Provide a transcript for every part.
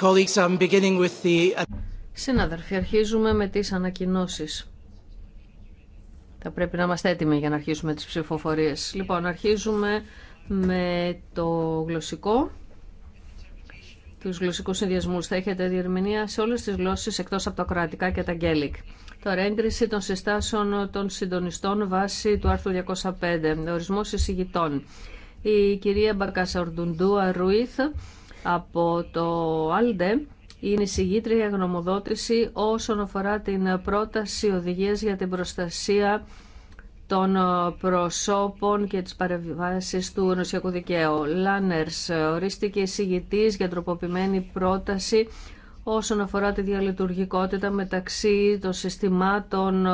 Colleagues, uh, Συνάδελφοι, αρχίζουμε με τις ανακοινώσεις. Θα πρέπει να είμαστε έτοιμοι για να αρχίσουμε τις ψηφοφορίες. Λοιπόν, αρχίζουμε με το γλωσσικό. Τους γλωσσικούς συνδυασμούς θα έχετε διερμηνία σε όλες τις γλώσσες εκτός από τα κρατικά και τα γκέλικ. Τώρα, έγκριση των συστάσεων των συντονιστών βάσει του άρθρου 205, ορισμός εισηγητών. Η κυρία Μπακασαρντουντού Αρουίθ από το ΑΛΔΕ είναι η συγγήτρια γνωμοδότηση όσον αφορά την πρόταση οδηγίας για την προστασία των προσώπων και τις παρεμβάσεις του νοσιακού δικαίου. Λάνερς ορίστηκε συγγητής για τροποποιημένη πρόταση όσον αφορά τη διαλειτουργικότητα μεταξύ των συστημάτων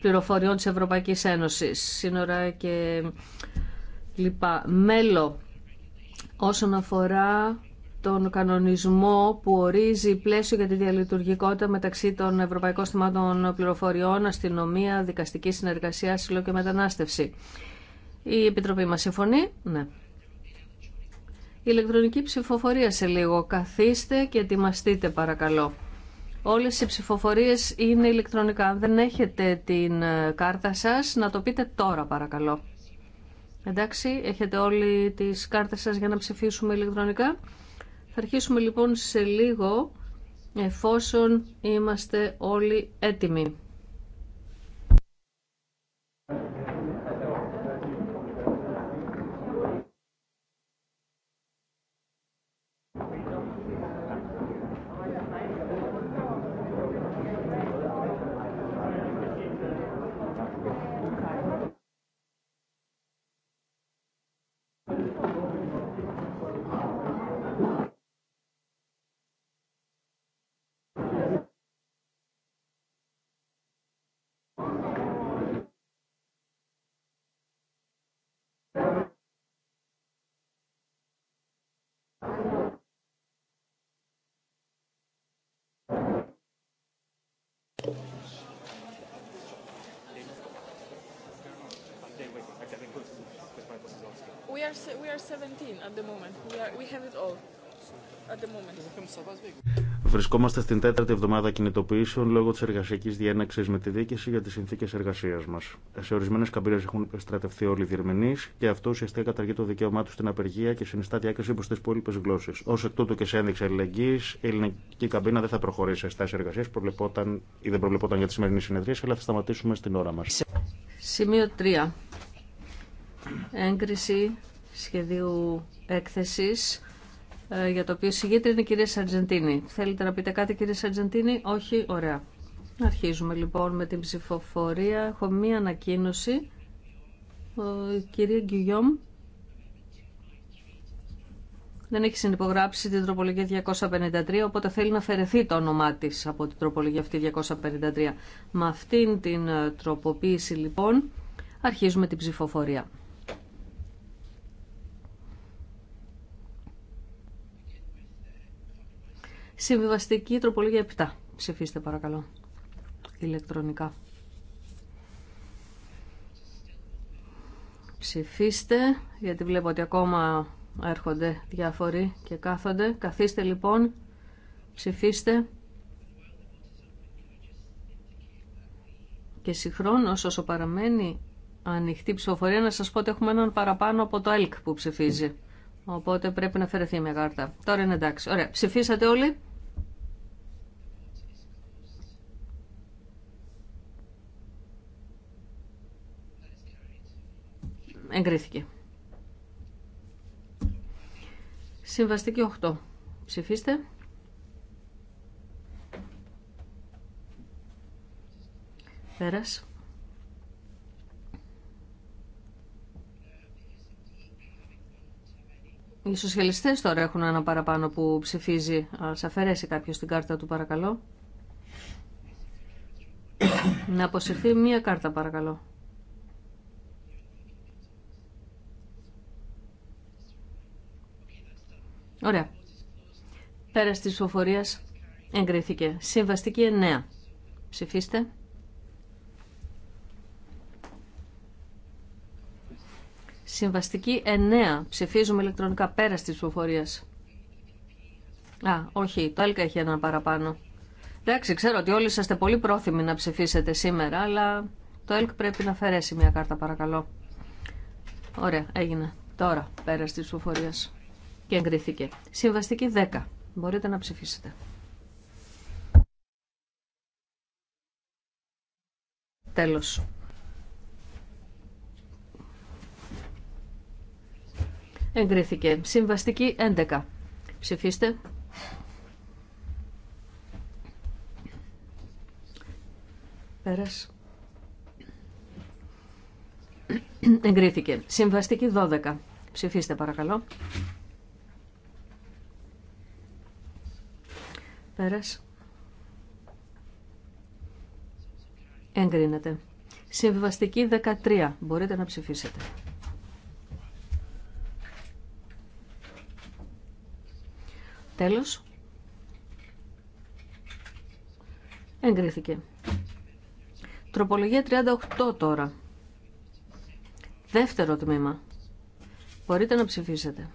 πληροφοριών της Ευρωπαϊκής Ένωσης. Σύνορα και λοιπά. Μέλο όσον αφορά τον κανονισμό που ορίζει πλαίσιο για τη διαλειτουργικότητα μεταξύ των Ευρωπαϊκών Στημάτων Πληροφοριών, Αστυνομία, Δικαστική Συνεργασία, Σύλλο και Μετανάστευση. Η Επιτροπή μας συμφωνεί. Ναι. Η ηλεκτρονική ψηφοφορία σε λίγο. Καθίστε και ετοιμαστείτε παρακαλώ. Όλες οι ψηφοφορίες είναι ηλεκτρονικά. Αν δεν έχετε την ε, κάρτα σας, να το πείτε τώρα παρακαλώ. Εντάξει, έχετε όλοι τις κάρτες σας για να ψηφίσουμε ηλεκτρονικά. Θα αρχίσουμε λοιπόν σε λίγο, εφόσον είμαστε όλοι έτοιμοι. Βρισκόμαστε στην τέταρτη εβδομάδα κινητοποιήσεων λόγω τη εργασιακή διέναξη με τη δίκηση για τι συνθήκε εργασία μα. Σε ορισμένε καμπύρε έχουν στρατευτεί όλοι οι διερμηνεί και αυτό ουσιαστικά καταργεί το δικαίωμά του στην απεργία και συνιστά διάκριση προ τι υπόλοιπε γλώσσε. Ω εκ τούτου και σε ένδειξη αλληλεγγύη, η ελληνική καμπίνα δεν θα προχωρήσει σε στάσει εργασία ή δεν προβλεπόταν για τη σημερινή συνεδρία, αλλά θα σταματήσουμε στην ώρα μα. Σημείο 3. Έγκριση σχεδίου έκθεσης ε, για το οποίο συγγήτρια είναι η κυρία Σαρτζεντίνη. Θέλετε να πείτε κάτι κυρία Σαρτζεντίνη? Όχι, ωραία. Αρχίζουμε λοιπόν με την ψηφοφορία. Έχω μία ανακοίνωση. Η κυρία Γκυγιόμ δεν έχει συνυπογράψει την τροπολογία 253, οπότε θέλει να αφαιρεθεί το όνομά τη από την τροπολογία αυτή 253. Με αυτήν την ε, τροποποίηση λοιπόν αρχίζουμε την ψηφοφορία. Συμβιβαστική τροπολογία 7. Ψηφίστε παρακαλώ. Ηλεκτρονικά. Ψηφίστε, γιατί βλέπω ότι ακόμα έρχονται διάφοροι και κάθονται. Καθίστε λοιπόν, ψηφίστε. Και συγχρόνως όσο παραμένει ανοιχτή ψηφοφορία να σας πω ότι έχουμε έναν παραπάνω από το ΕΛΚ που ψηφίζει. Οπότε πρέπει να αφαιρεθεί μια κάρτα. Τώρα είναι εντάξει. Ωραία. Ψηφίσατε όλοι. Εγκρίθηκε. Συμβαστική 8. Ψηφίστε. Πέρας. Οι σοσιαλιστέ τώρα έχουν ένα παραπάνω που ψηφίζει. Ας αφαιρέσει κάποιο την κάρτα του παρακαλώ. Να αποσυρθεί μία κάρτα παρακαλώ. Ωραία. Πέρα τη ψηφοφορία εγκρίθηκε. Συμβαστική 9. Ψηφίστε. Συμβαστική 9. Ψηφίζουμε ηλεκτρονικά πέρα τη ψηφοφορία. Α, όχι, το ΕΛΚΑ έχει ένα παραπάνω. Εντάξει, ξέρω ότι όλοι είσαστε πολύ πρόθυμοι να ψηφίσετε σήμερα, αλλά το ΕΛΚ πρέπει να αφαιρέσει μια κάρτα, παρακαλώ. Ωραία, έγινε. Τώρα, πέρα τη ψηφοφορία. Και εγκρίθηκε. Συμβαστική 10. Μπορείτε να ψηφίσετε. Τέλος. Εγκρίθηκε. Συμβαστική 11. Ψηφίστε. Πέρας. Εγκρίθηκε. Συμβαστική 12. Ψηφίστε παρακαλώ. Πέρας. Εγκρίνεται. Συμβαστική 13. Μπορείτε να ψηφίσετε. Τέλος. Εγκρίθηκε. Τροπολογία 38 τώρα. Δεύτερο τμήμα. Μπορείτε να ψηφίσετε.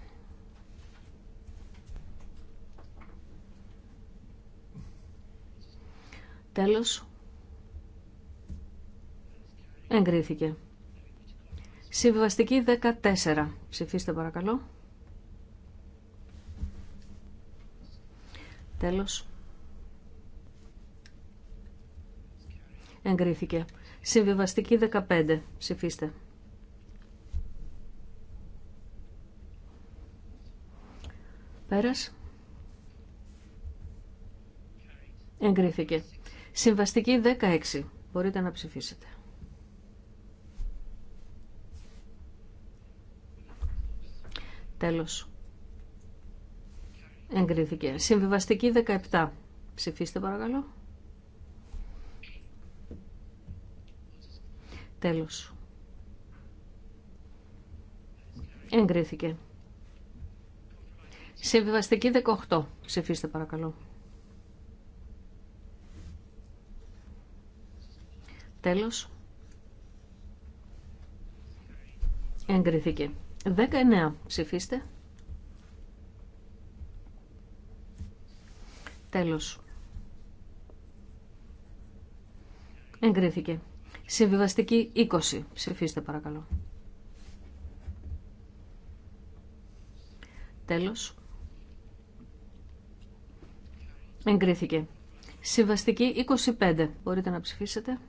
Τέλος. Εγκρίθηκε. Συμβαστική 14. Ψηφίστε παρακαλώ. Τέλος. Εγκρίθηκε. Συμβιβαστική 15. Ψηφίστε. Πέρας. Εγκρίθηκε. Συμβαστική 16. Μπορείτε να ψηφίσετε. Τέλος. Εγκρίθηκε. Συμβιβαστική 17. Ψηφίστε παρακαλώ. Τέλος. Εγκρίθηκε. Συμβιβαστική 18. Ψηφίστε παρακαλώ. Τέλος. Εγκρίθηκε. 19. Ψηφίστε. Τέλος. Εγκρίθηκε. Συμβιβαστική 20. Ψηφίστε παρακαλώ. Τέλος. Εγκρίθηκε. Συμβαστική 25. Μπορείτε να ψηφίσετε.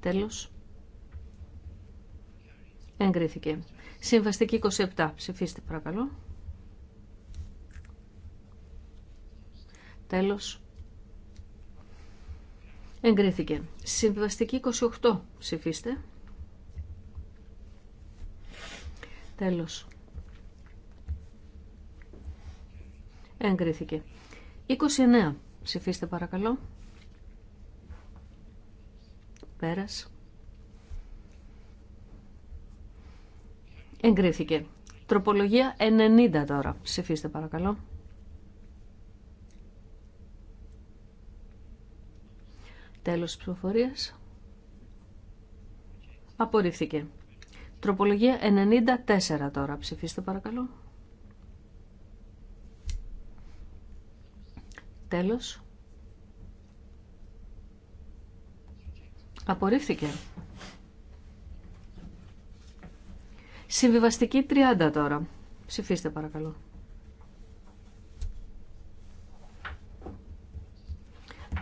Τέλος. Εγκρίθηκε. Συμβαστική 27. Ψηφίστε παρακαλώ. Τέλος. Εγκρίθηκε. Συμβαστική 28. Ψηφίστε. Τέλος. Εγκρίθηκε. 29. Ψηφίστε παρακαλώ. Πέρας. Εγκρίθηκε. Τροπολογία 90 τώρα. Ψηφίστε παρακαλώ. Τέλος της ψηφοφορίας. Απορρίφθηκε. Τροπολογία 94 τώρα. Ψηφίστε παρακαλώ. Τέλος. Απορρίφθηκε. Συμβιβαστική 30 τώρα. Ψηφίστε παρακαλώ.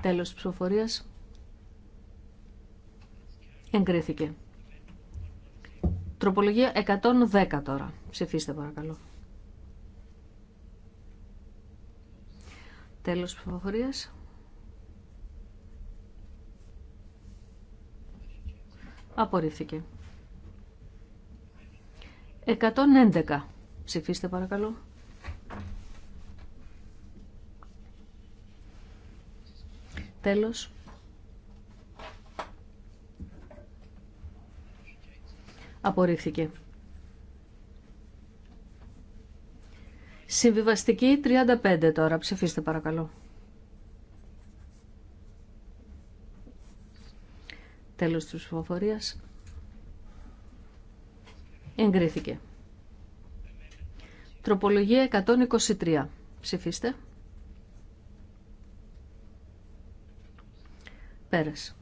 Τέλος της ψηφοφορίας. Εγκρίθηκε. Τροπολογία 110 τώρα. Ψηφίστε παρακαλώ. Τέλος ψηφοφορίας. Απορρίφθηκε. 111. Ψηφίστε παρακαλώ. Τέλος. Απορρίφθηκε. Συμβιβαστική 35 τώρα. Ψηφίστε παρακαλώ. Τέλος της ψηφοφορίας. Εγκρίθηκε. Τροπολογία 123. Ψηφίστε. Πέρασε.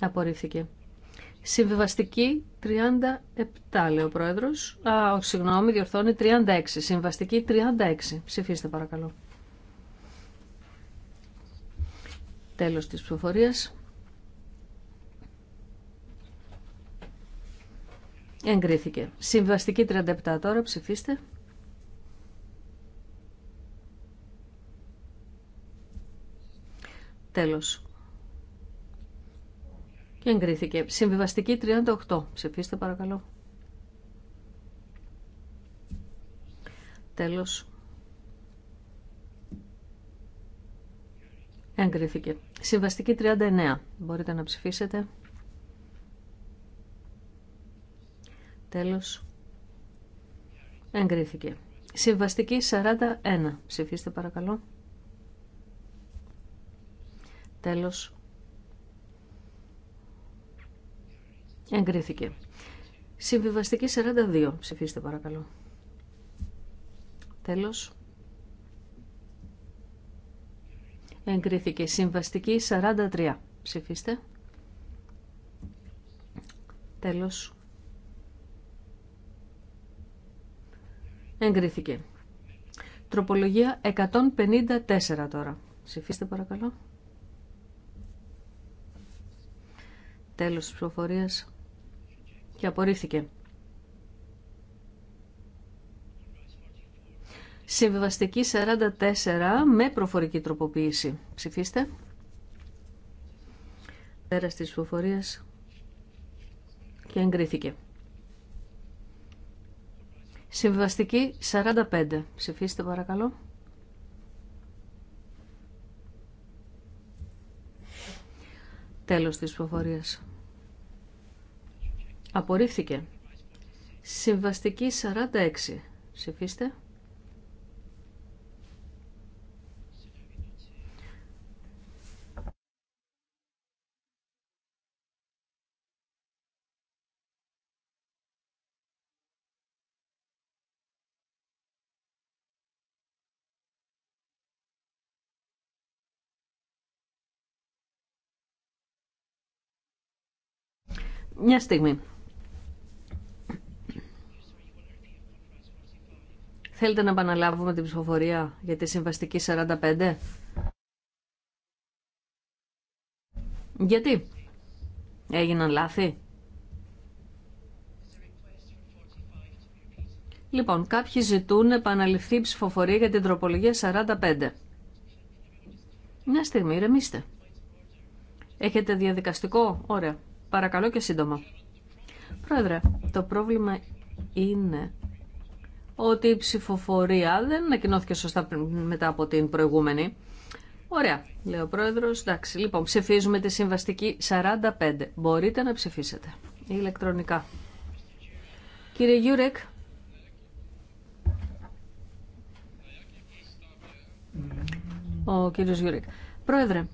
Απορρίφθηκε. Συμβιβαστική 37, λέει ο πρόεδρος. συγγνώμη, διορθώνει 36. Συμβαστική 36. Ψηφίστε παρακαλώ. Τέλος της ψηφοφορία. Εγκρίθηκε. Συμβαστική 37 τώρα, ψηφίστε. Τέλος. Εγκρίθηκε. Συμβιβαστική 38. Ψηφίστε παρακαλώ. Τέλος. Εγκρίθηκε. Συμβαστική 39. Μπορείτε να ψηφίσετε. Τέλος. Εγκρίθηκε. Συμβαστική 41. Ψηφίστε παρακαλώ. Τέλος. Εγκρίθηκε. Συμβιβαστική 42. Ψηφίστε παρακαλώ. Τέλος. Εγκρίθηκε. Συμβαστική 43. Ψηφίστε. Τέλος. Εγκρίθηκε. Τροπολογία 154 τώρα. Ψηφίστε παρακαλώ. Τέλος της ψηφοφορίας και απορρίφθηκε. Συμβιβαστική 44 με προφορική τροποποίηση. Ψηφίστε. Πέρα τη ψηφοφορία και εγκρίθηκε. Συμβιβαστική 45. Ψηφίστε παρακαλώ. Τέλος της ψηφοφορίας. Απορρίφθηκε. Συμβαστική 46. Ψηφίστε. Μια στιγμή. Θέλετε να επαναλάβουμε την ψηφοφορία για τη συμβαστική 45. Γιατί έγιναν λάθη. Λοιπόν, κάποιοι ζητούν επαναληφθεί ψηφοφορία για την τροπολογία 45. Μια στιγμή, ηρεμήστε. Έχετε διαδικαστικό. Ωραία. Παρακαλώ και σύντομα. Πρόεδρε, το πρόβλημα είναι ότι η ψηφοφορία δεν ανακοινώθηκε σωστά μετά από την προηγούμενη. Ωραία, λέει ο πρόεδρο. Εντάξει, λοιπόν, ψηφίζουμε τη συμβαστική 45. Μπορείτε να ψηφίσετε ηλεκτρονικά. Κύριε Γιούρεκ. Ο κύριος Γιούρεκ. Πρόεδρε,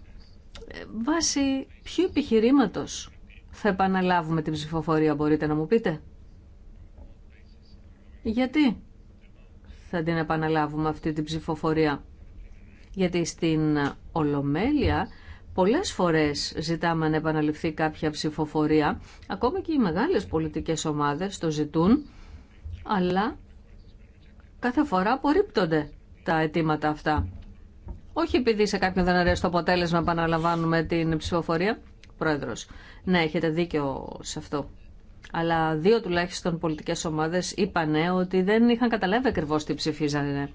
βάσει ποιου επιχειρήματος θα επαναλάβουμε την ψηφοφορία, μπορείτε να μου πείτε. Γιατί θα την επαναλάβουμε αυτή την ψηφοφορία. Γιατί στην Ολομέλεια πολλές φορές ζητάμε να επαναληφθεί κάποια ψηφοφορία. Ακόμα και οι μεγάλες πολιτικές ομάδες το ζητούν, αλλά κάθε φορά απορρίπτονται τα αιτήματα αυτά. Όχι επειδή σε κάποιον δεν αρέσει το αποτέλεσμα, επαναλαμβάνουμε την ψηφοφορία. Πρόεδρος, ναι, έχετε δίκιο σε αυτό αλλά δύο τουλάχιστον πολιτικές ομάδες είπαν ότι δεν είχαν καταλάβει ακριβώ τι ψηφίζανε.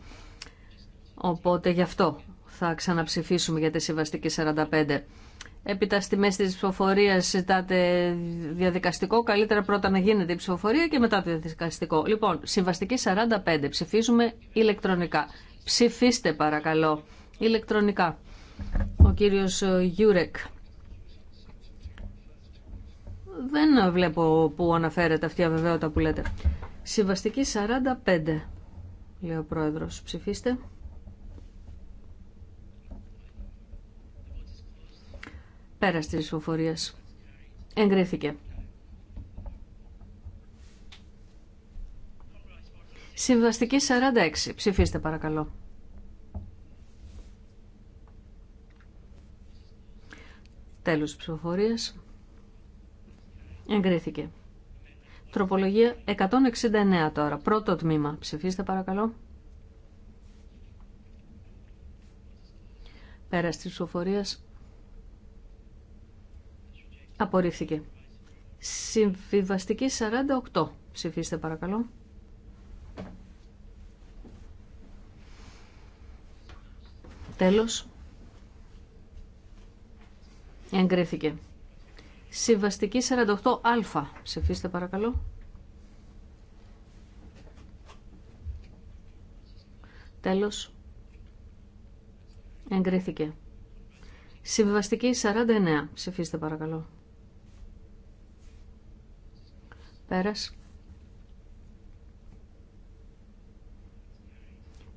Οπότε γι' αυτό θα ξαναψηφίσουμε για τη συμβαστική 45. Έπειτα στη μέση της ψηφοφορίας ζητάτε διαδικαστικό, καλύτερα πρώτα να γίνεται η ψηφοφορία και μετά το διαδικαστικό. Λοιπόν, συμβαστική 45, ψηφίζουμε ηλεκτρονικά. Ψηφίστε παρακαλώ, ηλεκτρονικά. Ο κύριος Γιούρεκ δεν βλέπω που αναφέρεται αυτή η αβεβαιότητα που λέτε. Συμβαστική 45, λέει ο πρόεδρος. Ψηφίστε. Πέρα τη ψηφοφορία. Εγκρίθηκε. Συμβαστική 46. Ψηφίστε παρακαλώ. Τέλος ψηφοφορίας. Εγκρίθηκε. Τροπολογία 169 τώρα. Πρώτο τμήμα. Ψηφίστε παρακαλώ. Πέρα τη ψηφοφορία. Απορρίφθηκε. Συμβιβαστική 48. Ψηφίστε παρακαλώ. Τέλος. Εγκρίθηκε. Συμβαστική 48α. Ψηφίστε παρακαλώ. Τέλος. Εγκρίθηκε. Συμβαστική 49. Ψηφίστε παρακαλώ. Πέρας.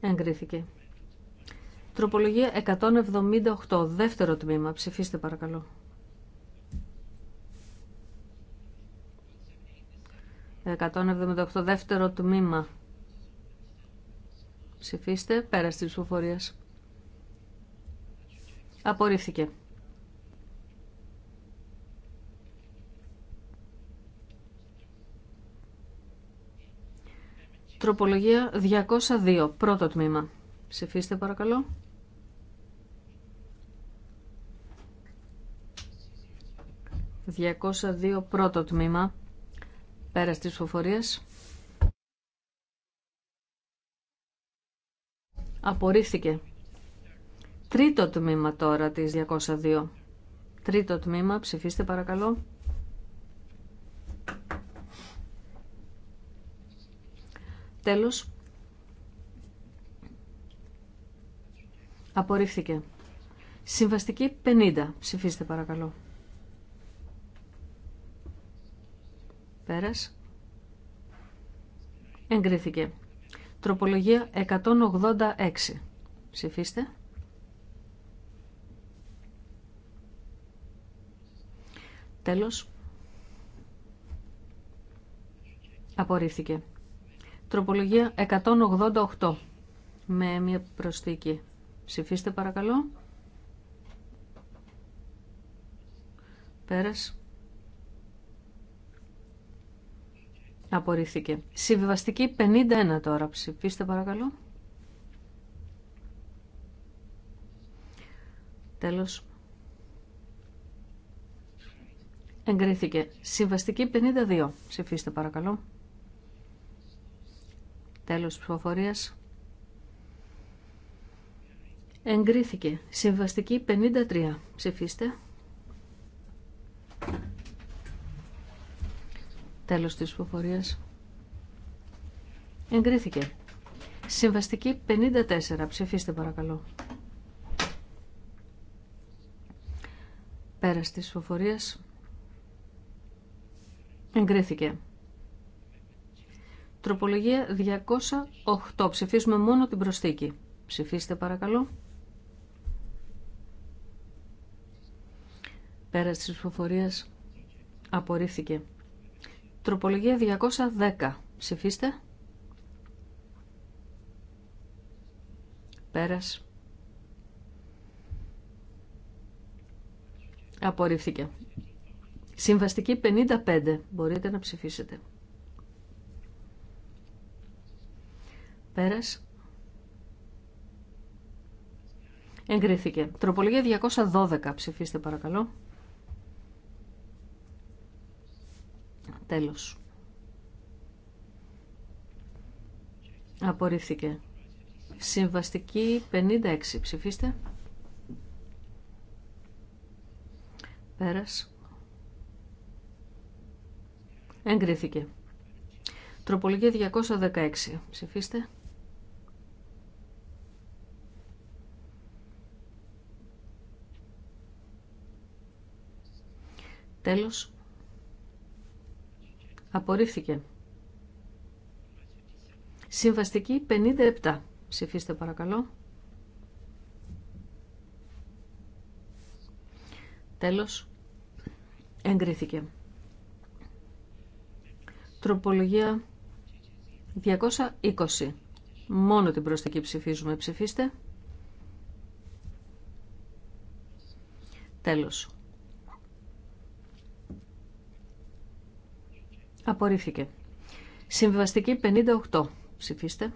Εγκρίθηκε. Τροπολογία 178. Δεύτερο τμήμα. Ψηφίστε παρακαλώ. 178 δεύτερο τμήμα. Ψηφίστε πέρασε τη Απορρίφθηκε. Τροπολογία 202, πρώτο τμήμα. Ψηφίστε παρακαλώ. «202 πρώτο τμήμα». Πέρα τη ψηφοφορία. Απορρίφθηκε. Τρίτο τμήμα τώρα της 202. Τρίτο τμήμα, ψηφίστε παρακαλώ. Τέλος. Απορρίφθηκε. Συμβαστική 50. Ψηφίστε παρακαλώ. Πέρας. Εγκρίθηκε. Τροπολογία 186. Ψηφίστε. Τέλος. Απορρίφθηκε. Τροπολογία 188. Με μια προσθήκη. Ψηφίστε παρακαλώ. Πέρας. Απορρίφθηκε. Συμβιβαστική 51 τώρα. Ψηφίστε παρακαλώ. Τέλος. Εγκρίθηκε. Συμβαστική 52. Ψηφίστε παρακαλώ. Τέλος ψηφοφορίας. Εγκρίθηκε. Συμβαστική 53. Ψηφίστε. Τέλος της ψηφοφορίας. Εγκρίθηκε. Συμβαστική 54. Ψηφίστε παρακαλώ. Πέρας της υποφορίας Εγκρίθηκε. Τροπολογία 208. Ψηφίσουμε μόνο την προστίκη. Ψηφίστε παρακαλώ. Πέρας της υποφορίας απορρίφθηκε. Τροπολογία 210. Ψηφίστε. Πέρας. Απορρίφθηκε. Συμβαστική 55. Μπορείτε να ψηφίσετε. Πέρας. Εγκρίθηκε. Τροπολογία 212. Ψηφίστε παρακαλώ. Τέλος. Απορρίφθηκε. Συμβαστική 56. Ψηφίστε. Πέρας. Εγκρίθηκε. Τροπολογία 216. Ψηφίστε. Τέλος. Απορρίφθηκε. Συμβαστική 57. Ψηφίστε παρακαλώ. Τέλος. Εγκρίθηκε. Τροπολογία 220. Μόνο την προστική ψηφίζουμε. Ψηφίστε. Τέλος. Απορρίφθηκε. Συμβαστική, 58. Ψηφίστε.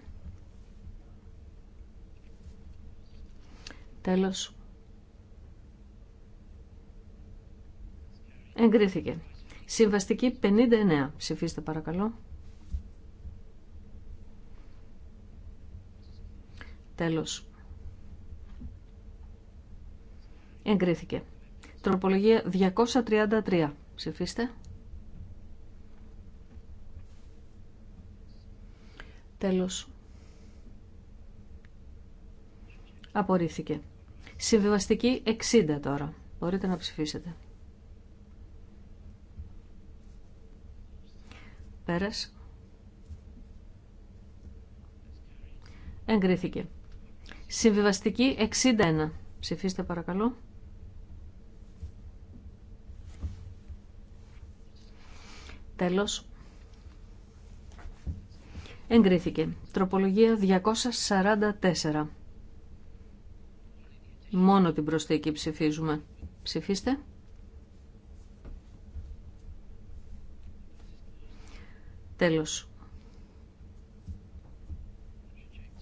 Τέλος. Εγκρίθηκε. Συμβαστική 59. Ψηφίστε παρακαλώ. Τέλος. Εγκρίθηκε. Τροπολογία 233. Ψηφίστε. Τέλος. Απορρίφθηκε. Συμβιβαστική 60 τώρα. Μπορείτε να ψηφίσετε. Πέρας. Εγκρίθηκε. Συμβιβαστική 61. Ψηφίστε παρακαλώ. Τέλος. Εγκρίθηκε. Τροπολογία 244. Μόνο την προσθήκη ψηφίζουμε. Ψηφίστε. Τέλος.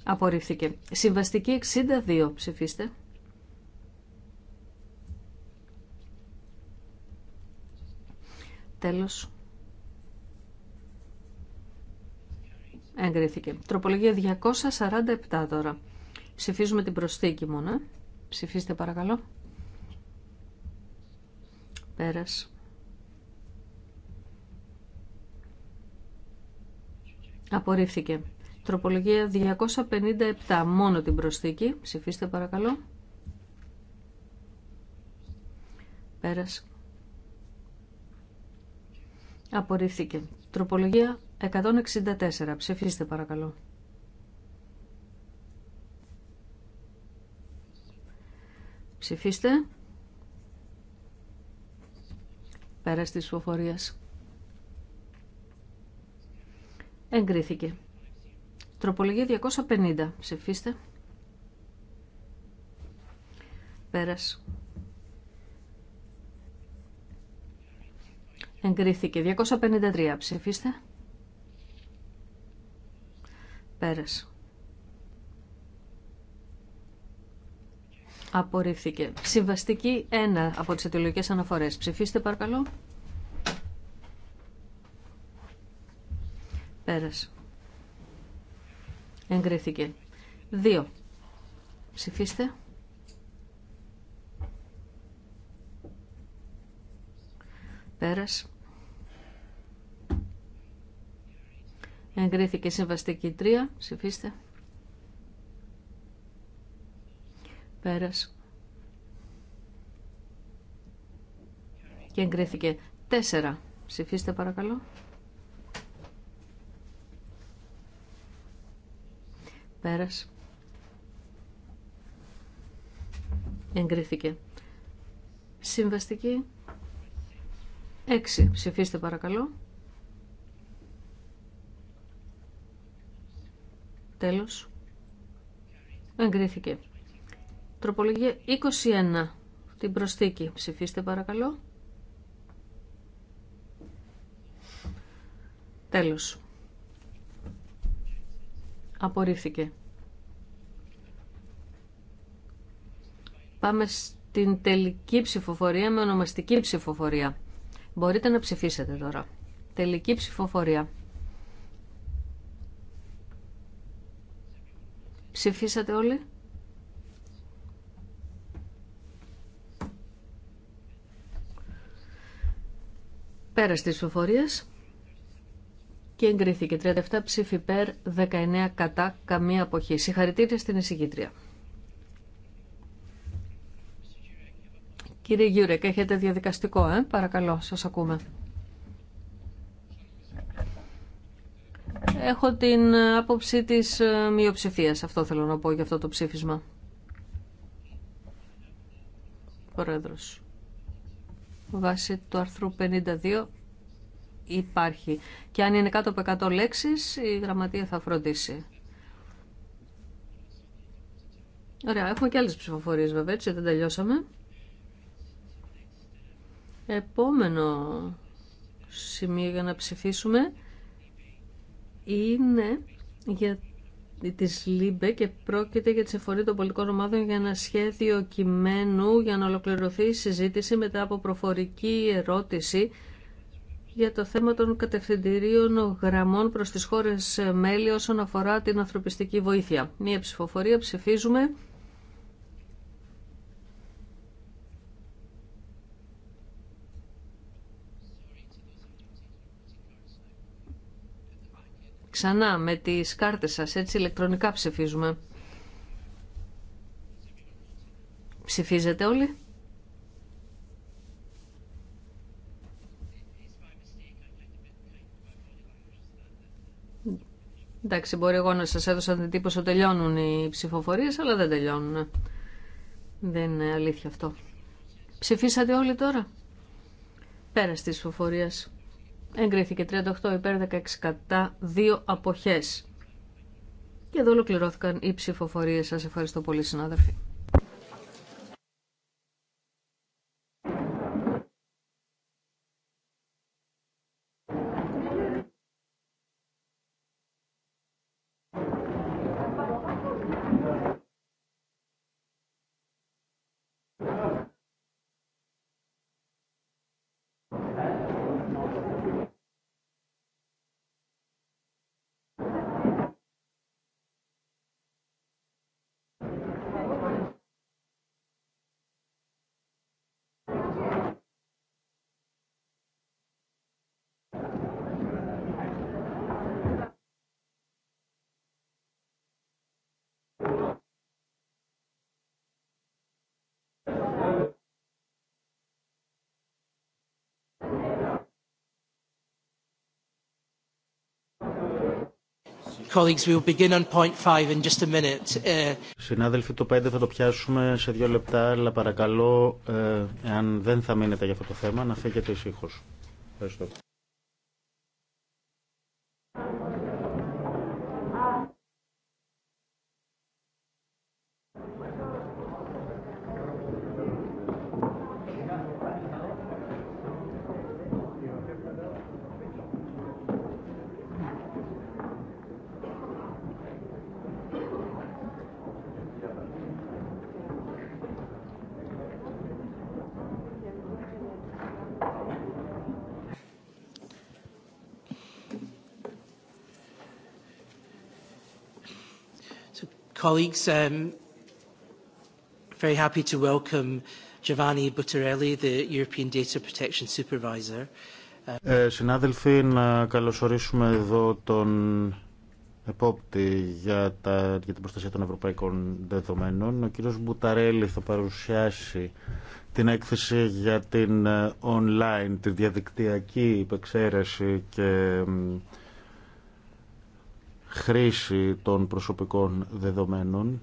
Απορρίφθηκε. Συμβαστική 62. Ψηφίστε. Τέλος. Εγκρίθηκε. Τροπολογία 247 τώρα. Ψηφίζουμε την προσθήκη μόνο. Ε. Ψηφίστε παρακαλώ. Πέρας. Απορρίφθηκε. Τροπολογία 257. Μόνο την προσθήκη. Ψηφίστε παρακαλώ. Πέρας. Απορρίφθηκε. Τροπολογία 164. Ψηφίστε παρακαλώ. Ψηφίστε. Πέρας της ψηφοφορίας. Εγκρίθηκε. Τροπολογία 250. Ψηφίστε. Πέρας. Εγκρίθηκε. 253. Ψηφίστε. Πέρας. Απορρίφθηκε. Συμβαστική 1 από τις αιτιολογικές αναφορές. Ψηφίστε παρακαλώ. Πέρα. Εγκρίθηκε. 2. Ψηφίστε. Πέρασε. Εγκρίθηκε συμβαστική 3. Ψηφίστε. Πέρας. Και εγκρίθηκε 4. Ψηφίστε παρακαλώ. Πέρας. Εγκρίθηκε. Συμβαστική 6. Ψηφίστε παρακαλώ. Τέλος. Εγκρίθηκε. Τροπολογία 21. Την προσθήκη. Ψηφίστε παρακαλώ. Τέλος. Απορρίφθηκε. Πάμε στην τελική ψηφοφορία με ονομαστική ψηφοφορία. Μπορείτε να ψηφίσετε τώρα. Τελική ψηφοφορία. Ψηφίσατε όλοι. Πέρα στις ψηφοφορίες και εγκρίθηκε 37 ψήφι περ 19 κατά, καμία αποχή. Συγχαρητήρια στην εισηγήτρια. Κύριε Γιούρεκ, έχετε διαδικαστικό, ε? παρακαλώ, σας ακούμε. έχω την άποψη της ε, μειοψηφίας. Αυτό θέλω να πω για αυτό το ψήφισμα. Πρόεδρος. Βάσει του άρθρου 52 υπάρχει. Και αν είναι κάτω από 100 λέξεις, η γραμματεία θα φροντίσει. Ωραία, έχουμε και άλλες ψηφοφορίες βέβαια, έτσι δεν τελειώσαμε. Επόμενο σημείο για να ψηφίσουμε είναι για της ΛΥΜΠΕ και πρόκειται για τη συμφωνία των πολιτικών ομάδων για ένα σχέδιο κειμένου για να ολοκληρωθεί η συζήτηση μετά από προφορική ερώτηση για το θέμα των κατευθυντηρίων γραμμών προς τις χώρες μέλη όσον αφορά την ανθρωπιστική βοήθεια. Μία ψηφοφορία ψηφίζουμε. Ξανά με τις κάρτες σας, έτσι ηλεκτρονικά ψηφίζουμε. Ψηφίζετε όλοι. Εντάξει, μπορεί εγώ να σας έδωσα την τύπωση ότι τελειώνουν οι ψηφοφορίες, αλλά δεν τελειώνουν. Δεν είναι αλήθεια αυτό. Ψηφίσατε όλοι τώρα. Πέρα της ψηφοφορίας. Εγκρίθηκε 38 υπέρ 16 κατά 2 αποχές. Και εδώ ολοκληρώθηκαν οι ψηφοφορίες. Σας ευχαριστώ πολύ συνάδελφοι. Συνάδελφοι, το 5 θα το πιάσουμε σε δύο λεπτά, αλλά παρακαλώ, ε, εάν δεν θα μείνετε για αυτό το θέμα, να φύγετε ησύχω. Ευχαριστώ. συνάδελφοι, να καλωσορίσουμε εδώ τον επόπτη για, για την προστασία των ευρωπαϊκών δεδομένων. Ο κύριος Μπουταρέλη θα παρουσιάσει την έκθεση για την ε, online, τη διαδικτυακή υπεξαίρεση και χρήση των προσωπικών δεδομένων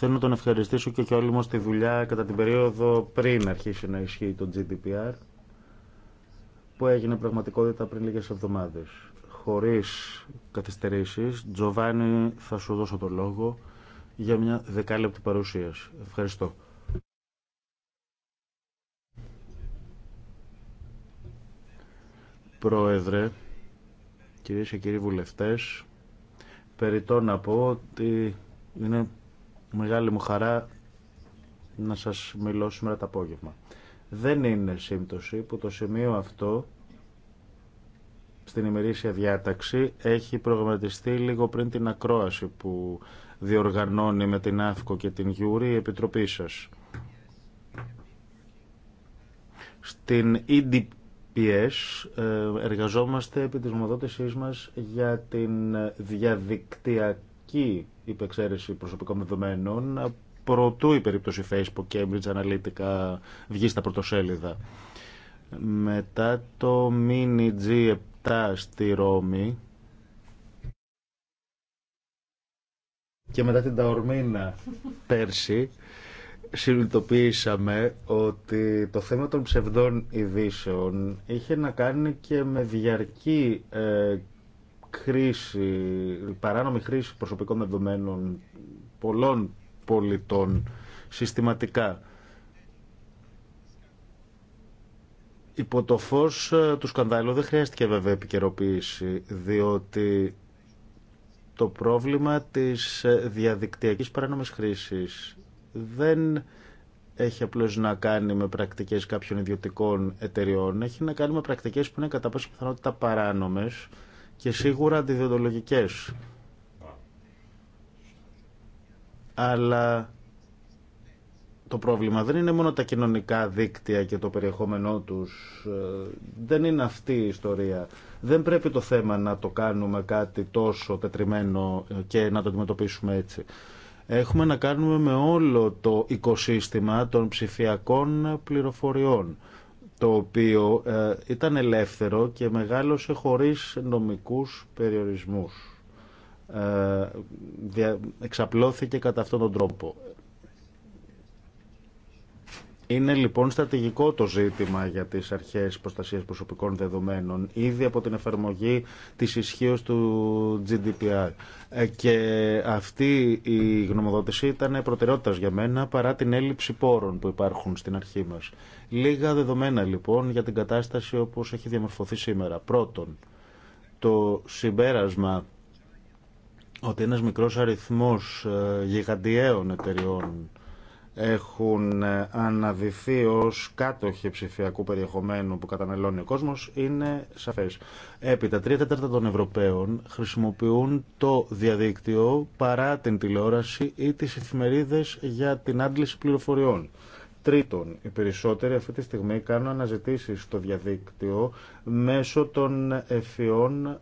Θέλω να τον ευχαριστήσω και, και όλοι μας τη δουλειά κατά την περίοδο πριν αρχίσει να ισχύει το GDPR που έγινε πραγματικότητα πριν λίγες εβδομάδες. Χωρίς καθυστερήσεις, Τζοβάνι θα σου δώσω το λόγο για μια δεκάλεπτη παρουσίαση. Ευχαριστώ. Πρόεδρε, κυρίε και κύριοι βουλευτέ, περιτώ να πω ότι είναι μεγάλη μου χαρά να σας μιλώ σήμερα το απόγευμα. Δεν είναι σύμπτωση που το σημείο αυτό στην ημερήσια διάταξη έχει προγραμματιστεί λίγο πριν την ακρόαση που διοργανώνει με την ΑΦΚΟ και την Γιούρη η Επιτροπή σας. Στην ε, εργαζόμαστε επί της ομοδότησής μας για την διαδικτυακή υπεξαίρεση προσωπικών δεδομένων προτού η περίπτωση Facebook και Cambridge Analytica βγει στα πρωτοσέλιδα. Μετά το Mini G7 στη Ρώμη και μετά την Ταορμίνα πέρσι συνειδητοποιήσαμε ότι το θέμα των ψευδών ειδήσεων είχε να κάνει και με διαρκή χρήση, ε, παράνομη χρήση προσωπικών δεδομένων πολλών πολιτών συστηματικά. Υπό το φως ε, του σκανδάλου δεν χρειάστηκε βέβαια επικαιροποίηση, διότι το πρόβλημα της ε, διαδικτυακής παράνομης χρήσης δεν έχει απλώς να κάνει με πρακτικές κάποιων ιδιωτικών εταιριών, έχει να κάνει με πρακτικές που είναι κατά πάσα πιθανότητα παράνομες και σίγουρα αντιδιοντολογικές. Αλλά το πρόβλημα δεν είναι μόνο τα κοινωνικά δίκτυα και το περιεχόμενό τους. Δεν είναι αυτή η ιστορία. Δεν πρέπει το θέμα να το κάνουμε κάτι τόσο τετριμένο και να το αντιμετωπίσουμε έτσι. Έχουμε να κάνουμε με όλο το οικοσύστημα των ψηφιακών πληροφοριών το οποίο ε, ήταν ελεύθερο και μεγάλωσε χωρίς νομικούς περιορισμούς. Ε, εξαπλώθηκε κατά αυτόν τον τρόπο. Είναι λοιπόν στρατηγικό το ζήτημα για τι αρχέ προστασία προσωπικών δεδομένων ήδη από την εφαρμογή τη ισχύω του GDPR. Ε, και αυτή η γνωμοδότηση ήταν προτεραιότητα για μένα παρά την έλλειψη πόρων που υπάρχουν στην αρχή μα. Λίγα δεδομένα λοιπόν για την κατάσταση όπω έχει διαμορφωθεί σήμερα. Πρώτον, το συμπέρασμα ότι ένας μικρός αριθμός ε, γιγαντιαίων εταιριών έχουν ε, αναδυθεί ω κάτοχοι ψηφιακού περιεχομένου που καταναλώνει ο κόσμο είναι σαφέ. Έπειτα, τρία τέταρτα των Ευρωπαίων χρησιμοποιούν το διαδίκτυο παρά την τηλεόραση ή τι εφημερίδε για την άντληση πληροφοριών. Τρίτον, οι περισσότεροι αυτή τη στιγμή κάνουν αναζητήσεις στο διαδίκτυο μέσω των εφιών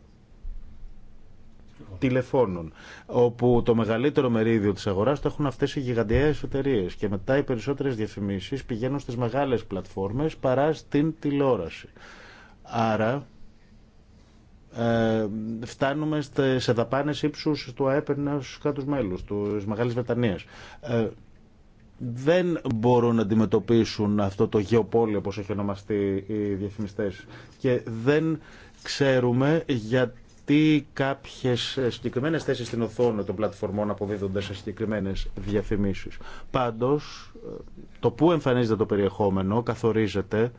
τηλεφώνων, όπου το μεγαλύτερο μερίδιο της αγοράς το έχουν αυτές οι γιγαντιαίες εταιρείε και μετά οι περισσότερες διαφημίσεις πηγαίνουν στις μεγάλες πλατφόρμες παρά στην τηλεόραση. Άρα ε, φτάνουμε σε δαπάνες ύψους του ΑΕΠ στους κάτους μέλους, της Μεγάλης Βρετανίας. Ε, δεν μπορούν να αντιμετωπίσουν αυτό το γεωπόλιο, όπως έχει ονομαστεί οι διαφημιστές. Και δεν ξέρουμε για τι κάποιε συγκεκριμένε θέσεις στην οθόνη των πλατφορμών αποδίδονται σε συγκεκριμένε διαφημίσεις. Πάντως, το που εμφανίζεται το περιεχόμενο καθορίζεται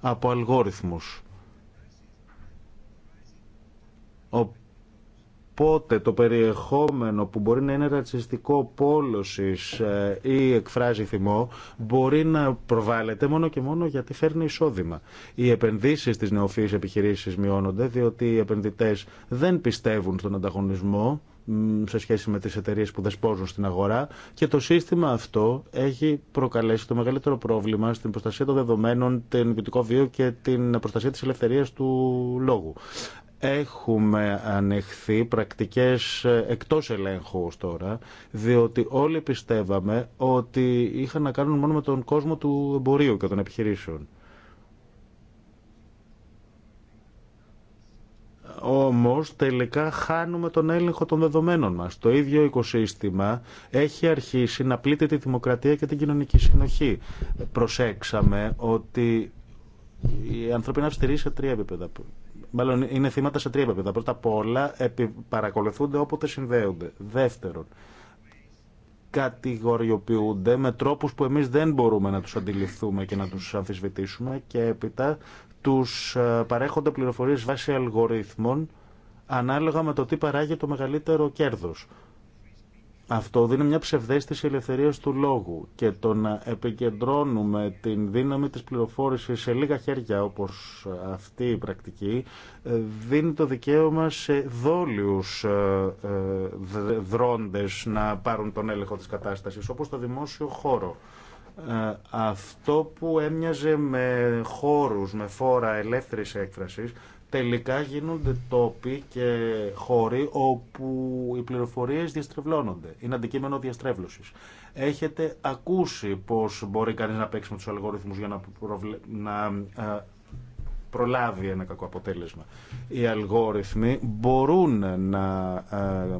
από αλγόριθμους Πότε το περιεχόμενο που μπορεί να είναι ρατσιστικό πόλωσης ε, ή εκφράζει θυμό μπορεί να προβάλλεται μόνο και μόνο γιατί φέρνει εισόδημα. Οι επενδύσεις στις νεοφύης επιχειρήσεις μειώνονται διότι οι επενδυτές δεν πιστεύουν στον ανταγωνισμό σε σχέση με τις εταιρείες που δεσπόζουν στην αγορά και το σύστημα αυτό έχει προκαλέσει το μεγαλύτερο πρόβλημα στην προστασία των δεδομένων, την ιδιωτικό βίο και την προστασία της ελευθερίας του λόγου έχουμε ανεχθεί πρακτικές εκτός ελέγχου τώρα, διότι όλοι πιστεύαμε ότι είχαν να κάνουν μόνο με τον κόσμο του εμπορίου και των επιχειρήσεων. όμως τελικά χάνουμε τον έλεγχο των δεδομένων μας. Το ίδιο οικοσύστημα έχει αρχίσει να πλήττει τη δημοκρατία και την κοινωνική συνοχή. Προσέξαμε ότι η ανθρωπινά αυστηρή σε τρία επίπεδα μάλλον είναι θύματα σε τρία επίπεδα. Πρώτα απ' όλα παρακολουθούνται όποτε συνδέονται. Δεύτερον, κατηγοριοποιούνται με τρόπους που εμείς δεν μπορούμε να τους αντιληφθούμε και να τους αμφισβητήσουμε και έπειτα τους ε, παρέχονται πληροφορίες βάσει αλγορίθμων ανάλογα με το τι παράγει το μεγαλύτερο κέρδος. Αυτό δίνει μια ψευδέστηση ελευθερίας του λόγου και το να επικεντρώνουμε την δύναμη της πληροφόρησης σε λίγα χέρια όπως αυτή η πρακτική ε, δίνει το δικαίωμα σε δόλιους ε, ε, δρόντες να πάρουν τον έλεγχο της κατάστασης όπως το δημόσιο χώρο. Αυτό που έμοιαζε με χώρους, με φόρα ελεύθερης έκφρασης τελικά γίνονται τόποι και χώροι όπου οι πληροφορίες διαστρεβλώνονται. Είναι αντικείμενο διαστρέβλωσης. Έχετε ακούσει πώς μπορεί κανείς να παίξει με τους αλγοριθμούς για να, να ε, προλάβει ένα κακό αποτέλεσμα. Οι αλγόριθμοι μπορούν να ε,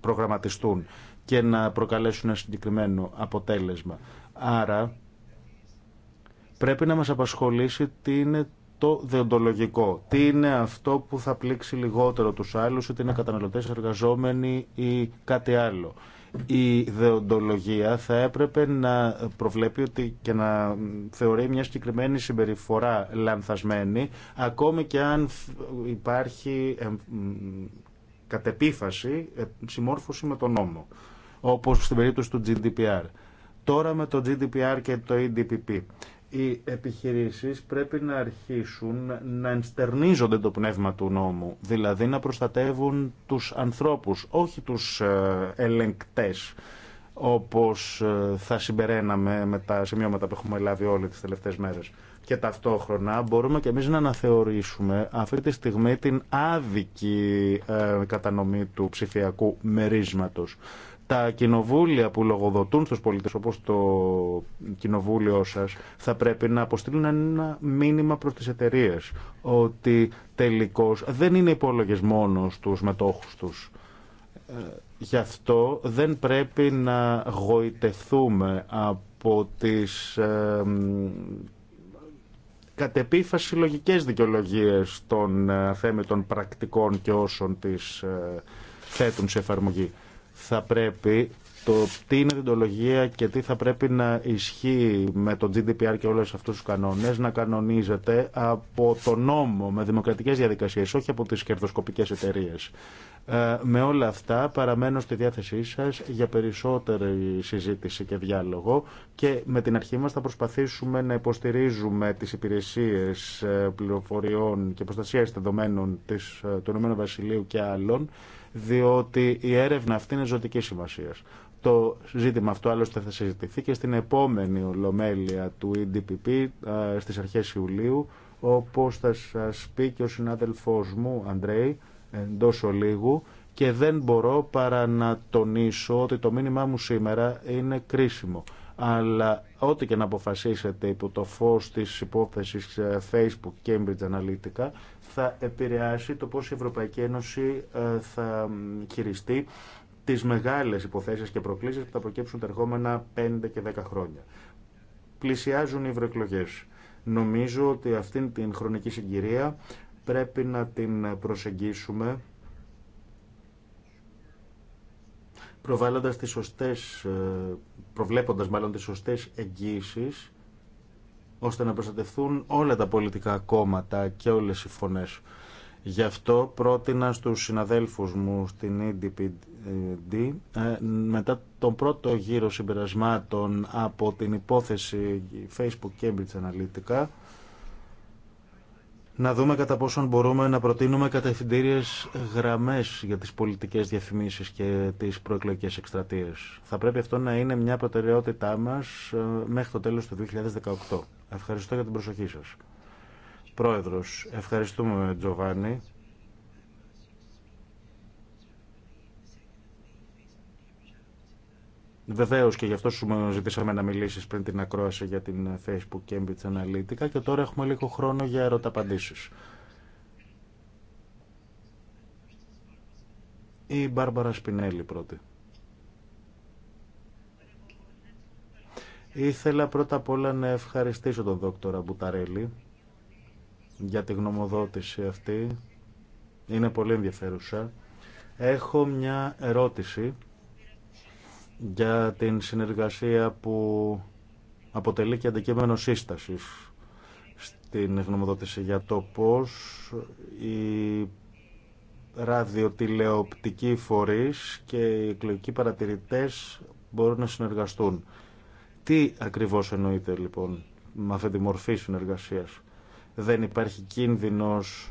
προγραμματιστούν και να προκαλέσουν ένα συγκεκριμένο αποτέλεσμα. Άρα πρέπει να μας απασχολήσει τι είναι το διοντολογικό. Τι είναι αυτό που θα πλήξει λιγότερο τους άλλους, είτε είναι καταναλωτές, εργαζόμενοι ή κάτι άλλο. Η δεοντολογία θα έπρεπε να προβλέπει ότι και να θεωρεί μια συγκεκριμένη συμπεριφορά λανθασμένη, ακόμη και αν υπάρχει κατ' επίφαση ε, συμμόρφωση με τον νόμο, όπως στην περίπτωση του GDPR. Τώρα με το GDPR και το EDPP οι επιχειρήσεις πρέπει να αρχίσουν να ενστερνίζονται το πνεύμα του νόμου, δηλαδή να προστατεύουν τους ανθρώπους, όχι τους ε, ελεγκτές, όπως ε, θα συμπεραίναμε με τα σημειώματα που έχουμε λάβει όλοι τις τελευταίες μέρες. Και ταυτόχρονα μπορούμε και εμείς να αναθεωρήσουμε αυτή τη στιγμή την άδικη ε, κατανομή του ψηφιακού μερίσματος τα κοινοβούλια που λογοδοτούν στους πολίτες, όπως το κοινοβούλιο σας, θα πρέπει να αποστείλουν ένα μήνυμα προς τις εταιρείε ότι τελικώς δεν είναι υπόλογες μόνο στους μετόχους τους. Ε, γι' αυτό δεν πρέπει να γοητευτούμε από τις ε, κατ' επίφαση δικαιολογίε των ε, θέμετων πρακτικών και όσων τις ε, θέτουν σε εφαρμογή θα πρέπει το τι είναι διντολογία και τι θα πρέπει να ισχύει με το GDPR και όλες αυτούς τους κανόνες να κανονίζεται από το νόμο με δημοκρατικές διαδικασίες, όχι από τις κερδοσκοπικές εταιρείε. Ε, με όλα αυτά παραμένω στη διάθεσή σας για περισσότερη συζήτηση και διάλογο και με την αρχή μας θα προσπαθήσουμε να υποστηρίζουμε τις υπηρεσίες ε, πληροφοριών και προστασίας δεδομένων της, ε, του ΕΒ Βασιλείου και άλλων διότι η έρευνα αυτή είναι ζωτική σημασία. Το ζήτημα αυτό άλλωστε θα συζητηθεί και στην επόμενη ολομέλεια του EDPP στις αρχές Ιουλίου, όπως θα σας πει και ο συνάδελφός μου, Αντρέη, εντό ολίγου, και δεν μπορώ παρά να τονίσω ότι το μήνυμά μου σήμερα είναι κρίσιμο αλλά ό,τι και να αποφασίσετε υπό το φως της υπόθεσης ε, Facebook Cambridge Analytica θα επηρεάσει το πώς η Ευρωπαϊκή Ένωση ε, θα χειριστεί τις μεγάλες υποθέσεις και προκλήσεις που θα προκύψουν τα ερχόμενα 5 και 10 χρόνια. Πλησιάζουν οι ευρωεκλογέ. Νομίζω ότι αυτήν την χρονική συγκυρία πρέπει να την προσεγγίσουμε προβάλλοντας τις σωστές ε, προβλέποντας μάλλον τις σωστές εγγύησεις ώστε να προστατευτούν όλα τα πολιτικά κόμματα και όλες οι φωνές. Γι' αυτό πρότεινα στους συναδέλφους μου στην EDPD ε, μετά τον πρώτο γύρο συμπερασμάτων από την υπόθεση Facebook Cambridge Analytica να δούμε κατά πόσον μπορούμε να προτείνουμε κατευθυντήριε γραμμές για τις πολιτικές διαφημίσεις και τις προεκλογικές εκστρατείες. Θα πρέπει αυτό να είναι μια προτεραιότητά μας ε, μέχρι το τέλος του 2018. Ευχαριστώ για την προσοχή σας. Πρόεδρος, ευχαριστούμε Τζοβάνι. Βεβαίω και γι' αυτό σου ζητήσαμε να μιλήσει πριν την ακρόαση για την Facebook Cambridge Analytica και τώρα έχουμε λίγο χρόνο για ερωταπαντήσει. Η Μπάρμπαρα Σπινέλη πρώτη. Ήθελα πρώτα απ' όλα να ευχαριστήσω τον δόκτορα Μπουταρέλη για τη γνωμοδότηση αυτή. Είναι πολύ ενδιαφέρουσα. Έχω μια ερώτηση για την συνεργασία που αποτελεί και αντικείμενο σύσταση στην γνωμοδότηση για το πώς η ραδιοτηλεοπτικοί φορείς και οι εκλογικοί παρατηρητές μπορούν να συνεργαστούν. Τι ακριβώς εννοείται λοιπόν με αυτή τη μορφή συνεργασίας. Δεν υπάρχει κίνδυνος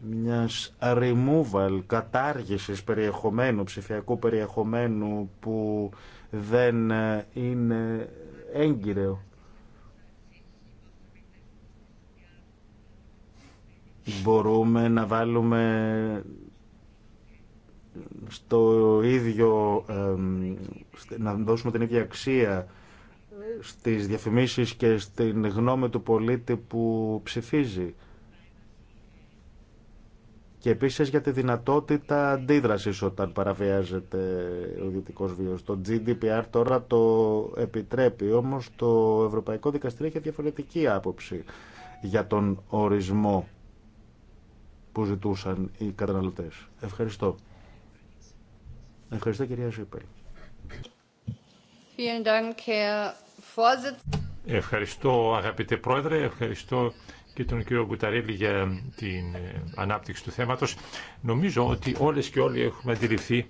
μιας removal, κατάργησης περιεχομένου, ψηφιακού περιεχομένου που δεν ε, είναι έγκυρεο. Μπορούμε να βάλουμε στο ίδιο, να δώσουμε την ίδια αξία στις διαφημίσεις και στην γνώμη του πολίτη που ψηφίζει και επίσης για τη δυνατότητα αντίδραση όταν παραβιάζεται ο δυτικό βίος. Το GDPR τώρα το επιτρέπει, όμως το Ευρωπαϊκό Δικαστήριο έχει διαφορετική άποψη για τον ορισμό που ζητούσαν οι καταναλωτέ. Ευχαριστώ. Ευχαριστώ κυρία Ζήπελ. Ευχαριστώ αγαπητέ Πρόεδρε, ευχαριστώ και τον κύριο Γκουταρέλη για την ε, ανάπτυξη του θέματος. Νομίζω ότι όλες και όλοι έχουμε αντιληφθεί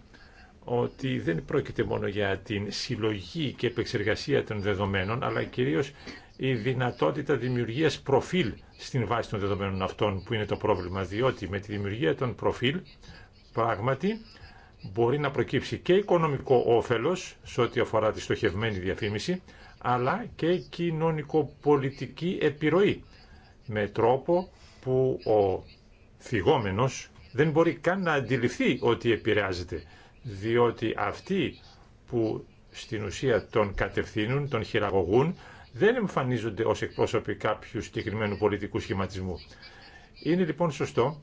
ότι δεν πρόκειται μόνο για την συλλογή και επεξεργασία των δεδομένων, αλλά κυρίως η δυνατότητα δημιουργίας προφίλ στην βάση των δεδομένων αυτών που είναι το πρόβλημα, διότι με τη δημιουργία των προφίλ πράγματι μπορεί να προκύψει και οικονομικό όφελος σε ό,τι αφορά τη στοχευμένη διαφήμιση, αλλά και κοινωνικοπολιτική επιρροή με τρόπο που ο φυγόμενος δεν μπορεί καν να αντιληφθεί ότι επηρεάζεται, διότι αυτοί που στην ουσία τον κατευθύνουν, τον χειραγωγούν, δεν εμφανίζονται ως εκπρόσωποι κάποιου συγκεκριμένου πολιτικού σχηματισμού. Είναι λοιπόν σωστό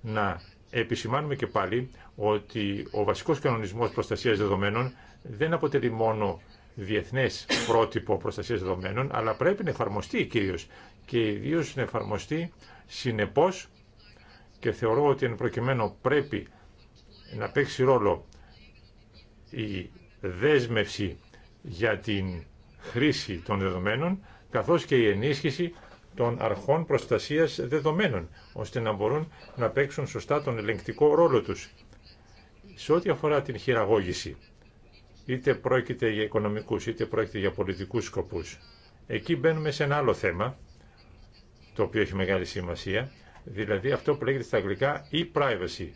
να επισημάνουμε και πάλι ότι ο βασικός κανονισμός προστασίας δεδομένων δεν αποτελεί μόνο διεθνές πρότυπο προστασίας δεδομένων, αλλά πρέπει να εφαρμοστεί κυρίως και ιδίω να εφαρμοστεί συνεπώ και θεωρώ ότι εν προκειμένου πρέπει να παίξει ρόλο η δέσμευση για την χρήση των δεδομένων καθώς και η ενίσχυση των αρχών προστασίας δεδομένων ώστε να μπορούν να παίξουν σωστά τον ελεγκτικό ρόλο τους. Σε ό,τι αφορά την χειραγώγηση, είτε πρόκειται για οικονομικούς είτε πρόκειται για πολιτικούς σκοπούς, εκεί μπαίνουμε σε ένα άλλο θέμα το οποίο έχει μεγάλη σημασία, δηλαδή αυτό που λέγεται στα αγγλικά e-privacy.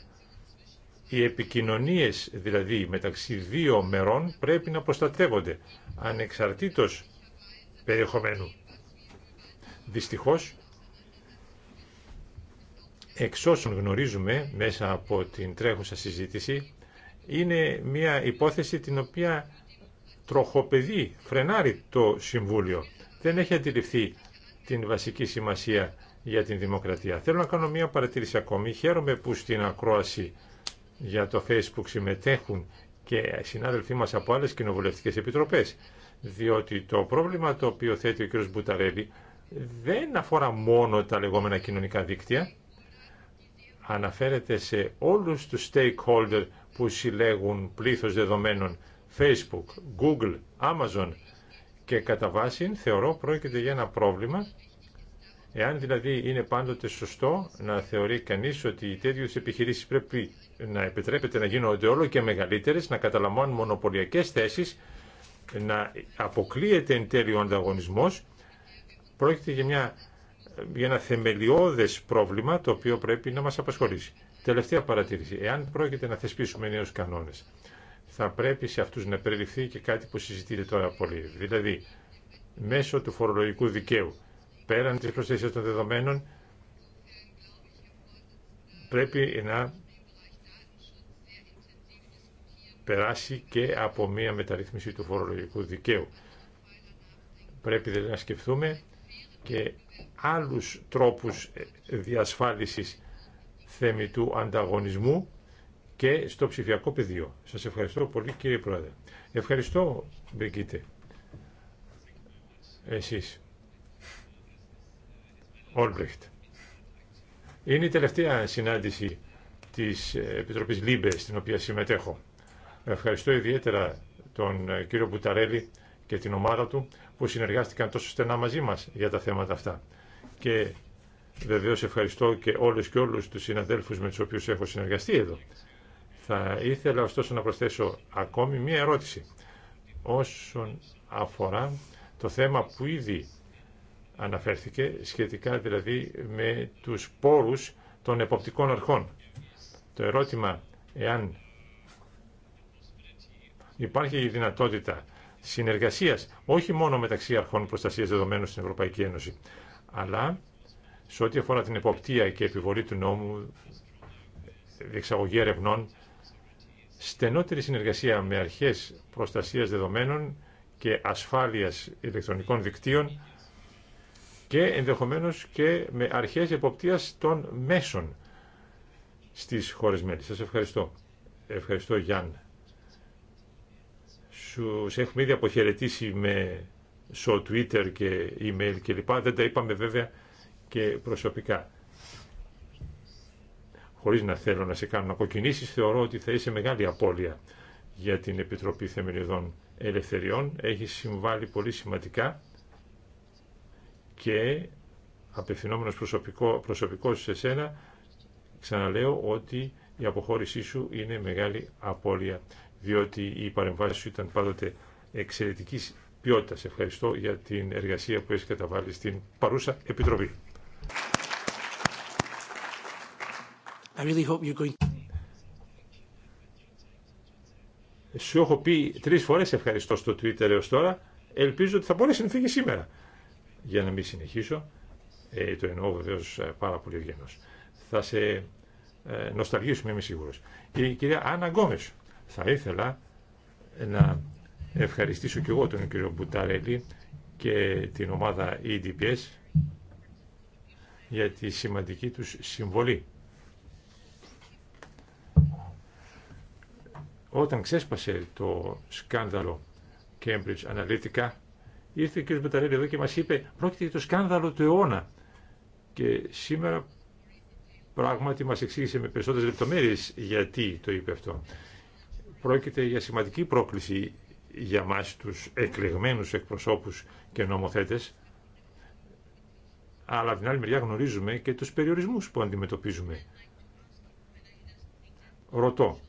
Οι επικοινωνίες δηλαδή μεταξύ δύο μερών πρέπει να προστατεύονται ανεξαρτήτως περιεχομένου. Δυστυχώς, εξ όσων γνωρίζουμε μέσα από την τρέχουσα συζήτηση, είναι μια υπόθεση την οποία τροχοπεδεί, φρενάρει το Συμβούλιο. Δεν έχει αντιληφθεί την βασική σημασία για την δημοκρατία. Θέλω να κάνω μία παρατήρηση ακόμη. Χαίρομαι που στην ακρόαση για το Facebook συμμετέχουν και συνάδελφοί μας από άλλες κοινοβουλευτικές επιτροπές, διότι το πρόβλημα το οποίο θέτει ο κ. Μπουταρέλη δεν αφορά μόνο τα λεγόμενα κοινωνικά δίκτυα, αναφέρεται σε όλους τους stakeholder που συλλέγουν πλήθος δεδομένων Facebook, Google, Amazon, και κατά βάση θεωρώ πρόκειται για ένα πρόβλημα Εάν δηλαδή είναι πάντοτε σωστό να θεωρεί κανείς ότι οι τέτοιες επιχειρήσεις πρέπει να επιτρέπεται να γίνονται όλο και μεγαλύτερες, να καταλαμβάνουν μονοπωλιακές θέσεις, να αποκλείεται εν τέλει ο ανταγωνισμός, πρόκειται για, μια, για ένα θεμελιώδες πρόβλημα το οποίο πρέπει να μας απασχολήσει. Τελευταία παρατήρηση. Εάν πρόκειται να θεσπίσουμε νέους κανόνες, θα πρέπει σε αυτούς να περιληφθεί και κάτι που συζητείται τώρα πολύ. Δηλαδή, μέσω του φορολογικού δικαίου, πέραν της προσθέσεως των δεδομένων, πρέπει να περάσει και από μία μεταρρύθμιση του φορολογικού δικαίου. Πρέπει δηλαδή να σκεφτούμε και άλλους τρόπους διασφάλισης θέμη του ανταγωνισμού και στο ψηφιακό πεδίο. Σας ευχαριστώ πολύ κύριε Πρόεδρε. Ευχαριστώ Μπρικίτε. Εσείς. Όλμπρεχτ. Είναι η τελευταία συνάντηση της Επιτροπής Λίμπε στην οποία συμμετέχω. Ευχαριστώ ιδιαίτερα τον κύριο Μπουταρέλη και την ομάδα του που συνεργάστηκαν τόσο στενά μαζί μας για τα θέματα αυτά. Και βεβαίως ευχαριστώ και όλους και όλους τους συναδέλφους με τους οποίους έχω συνεργαστεί εδώ θα ήθελα ωστόσο να προσθέσω ακόμη μία ερώτηση όσον αφορά το θέμα που ήδη αναφέρθηκε σχετικά δηλαδή με τους πόρους των εποπτικών αρχών. Το ερώτημα εάν υπάρχει η δυνατότητα συνεργασίας όχι μόνο μεταξύ αρχών προστασίας δεδομένων στην Ευρωπαϊκή Ένωση αλλά σε ό,τι αφορά την εποπτεία και επιβολή του νόμου διεξαγωγή ερευνών στενότερη συνεργασία με αρχές προστασίας δεδομένων και ασφάλειας ηλεκτρονικών δικτύων και ενδεχομένως και με αρχές εποπτείας των μέσων στις χώρες μέλη. Σας ευχαριστώ. Ευχαριστώ Γιάν. Σου σε έχουμε ήδη αποχαιρετήσει με στο Twitter και email κλπ. Δεν τα είπαμε βέβαια και προσωπικά χωρίς να θέλω να σε κάνω να θεωρώ ότι θα είσαι μεγάλη απώλεια για την Επιτροπή Θεμελιωδών Ελευθεριών. Έχει συμβάλει πολύ σημαντικά και απευθυνόμενος προσωπικό, προσωπικός σε σένα, ξαναλέω ότι η αποχώρησή σου είναι μεγάλη απώλεια, διότι η παρεμβάση σου ήταν πάντοτε εξαιρετικής ποιότητας. Ευχαριστώ για την εργασία που έχει καταβάλει στην παρούσα Επιτροπή. I really hope you're going... Σου έχω πει τρεις φορές ευχαριστώ στο Twitter έως τώρα. Ελπίζω ότι θα μπορέσει να φύγει σήμερα. Για να μην συνεχίσω, ε, το εννοώ βεβαίω ε, πάρα πολύ ευγενώ. Θα σε ε, νοσταλγήσουμε, είμαι σίγουρο. Η κυρία Άννα θα ήθελα να ευχαριστήσω και εγώ τον κύριο Μπουταρέλη και την ομάδα EDPS για τη σημαντική τους συμβολή. Όταν ξέσπασε το σκάνδαλο Cambridge Analytica, ήρθε ο κ. Μπεταρέλη εδώ και μας είπε πρόκειται για το σκάνδαλο του αιώνα. Και σήμερα πράγματι μας εξήγησε με περισσότερες λεπτομέρειες γιατί το είπε αυτό. Πρόκειται για σημαντική πρόκληση για μας τους εκλεγμένους εκπροσώπους και νομοθέτες, αλλά από την άλλη μεριά γνωρίζουμε και τους περιορισμούς που αντιμετωπίζουμε. Ρωτώ,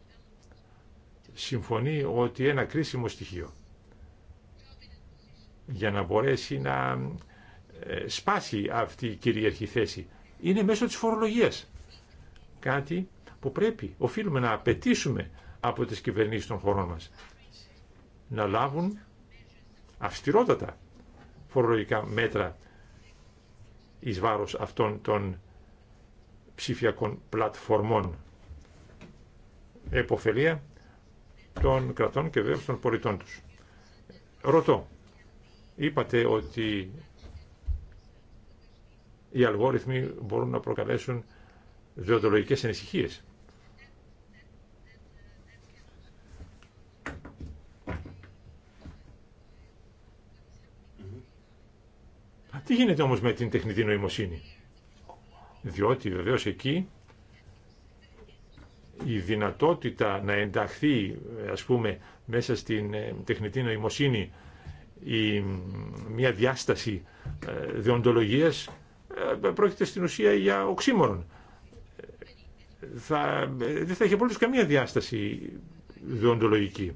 συμφωνεί ότι ένα κρίσιμο στοιχείο για να μπορέσει να ε, σπάσει αυτή η κυρίαρχη θέση είναι μέσω της φορολογίας. Κάτι που πρέπει, οφείλουμε να απαιτήσουμε από τις κυβερνήσεις των χωρών μας να λάβουν αυστηρότατα φορολογικά μέτρα εις βάρος αυτών των ψηφιακών πλατφορμών. Εποφελία των κρατών και βέβαια των πολιτών τους. Ρωτώ, είπατε ότι οι αλγόριθμοι μπορούν να προκαλέσουν διοντολογικές ανησυχίε. Τι γίνεται όμως με την τεχνητή νοημοσύνη. Διότι βεβαίως εκεί η δυνατότητα να ενταχθεί ας πούμε μέσα στην ε, τεχνητή νοημοσύνη η, μια διάσταση ε, διοντολογίας ε, πρόκειται στην ουσία για οξύμορον. Θα, δεν θα είχε πολύ καμία διάσταση διοντολογική.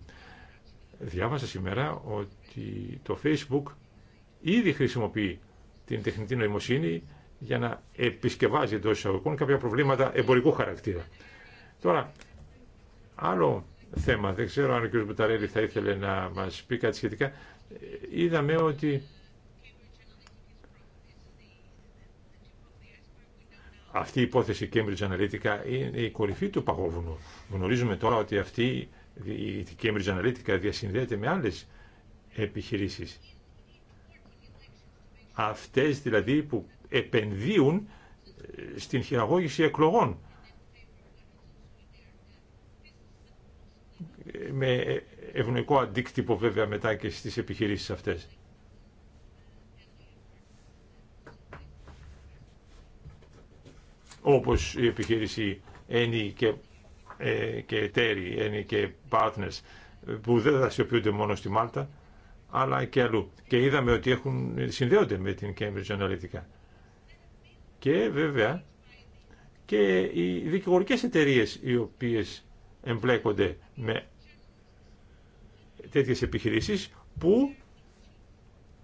Διάβασα σήμερα ότι το Facebook ήδη χρησιμοποιεί την τεχνητή νοημοσύνη για να επισκευάζει εντό εισαγωγικών κάποια προβλήματα εμπορικού χαρακτήρα. Τώρα, άλλο θέμα, δεν ξέρω αν ο κ. Μπουταρέλη θα ήθελε να μας πει κάτι σχετικά. Είδαμε ότι αυτή η υπόθεση Cambridge Analytica είναι η κορυφή του παγόβουνου. Γνωρίζουμε τώρα ότι αυτή η Cambridge Analytica διασυνδέεται με άλλες επιχειρήσεις. Αυτές δηλαδή που επενδύουν στην χειραγώγηση εκλογών με ευνοϊκό αντίκτυπο βέβαια μετά και στις επιχειρήσεις αυτές. Όπως η επιχείρηση ένι και, ε, και εταίροι, ένι και partners, που δεν δραστηριοποιούνται μόνο στη Μάλτα, αλλά και αλλού. Και είδαμε ότι έχουν, συνδέονται με την Cambridge Analytica. Και βέβαια και οι δικηγορικές εταιρείες οι οποίες εμπλέκονται με τέτοιες επιχειρήσεις που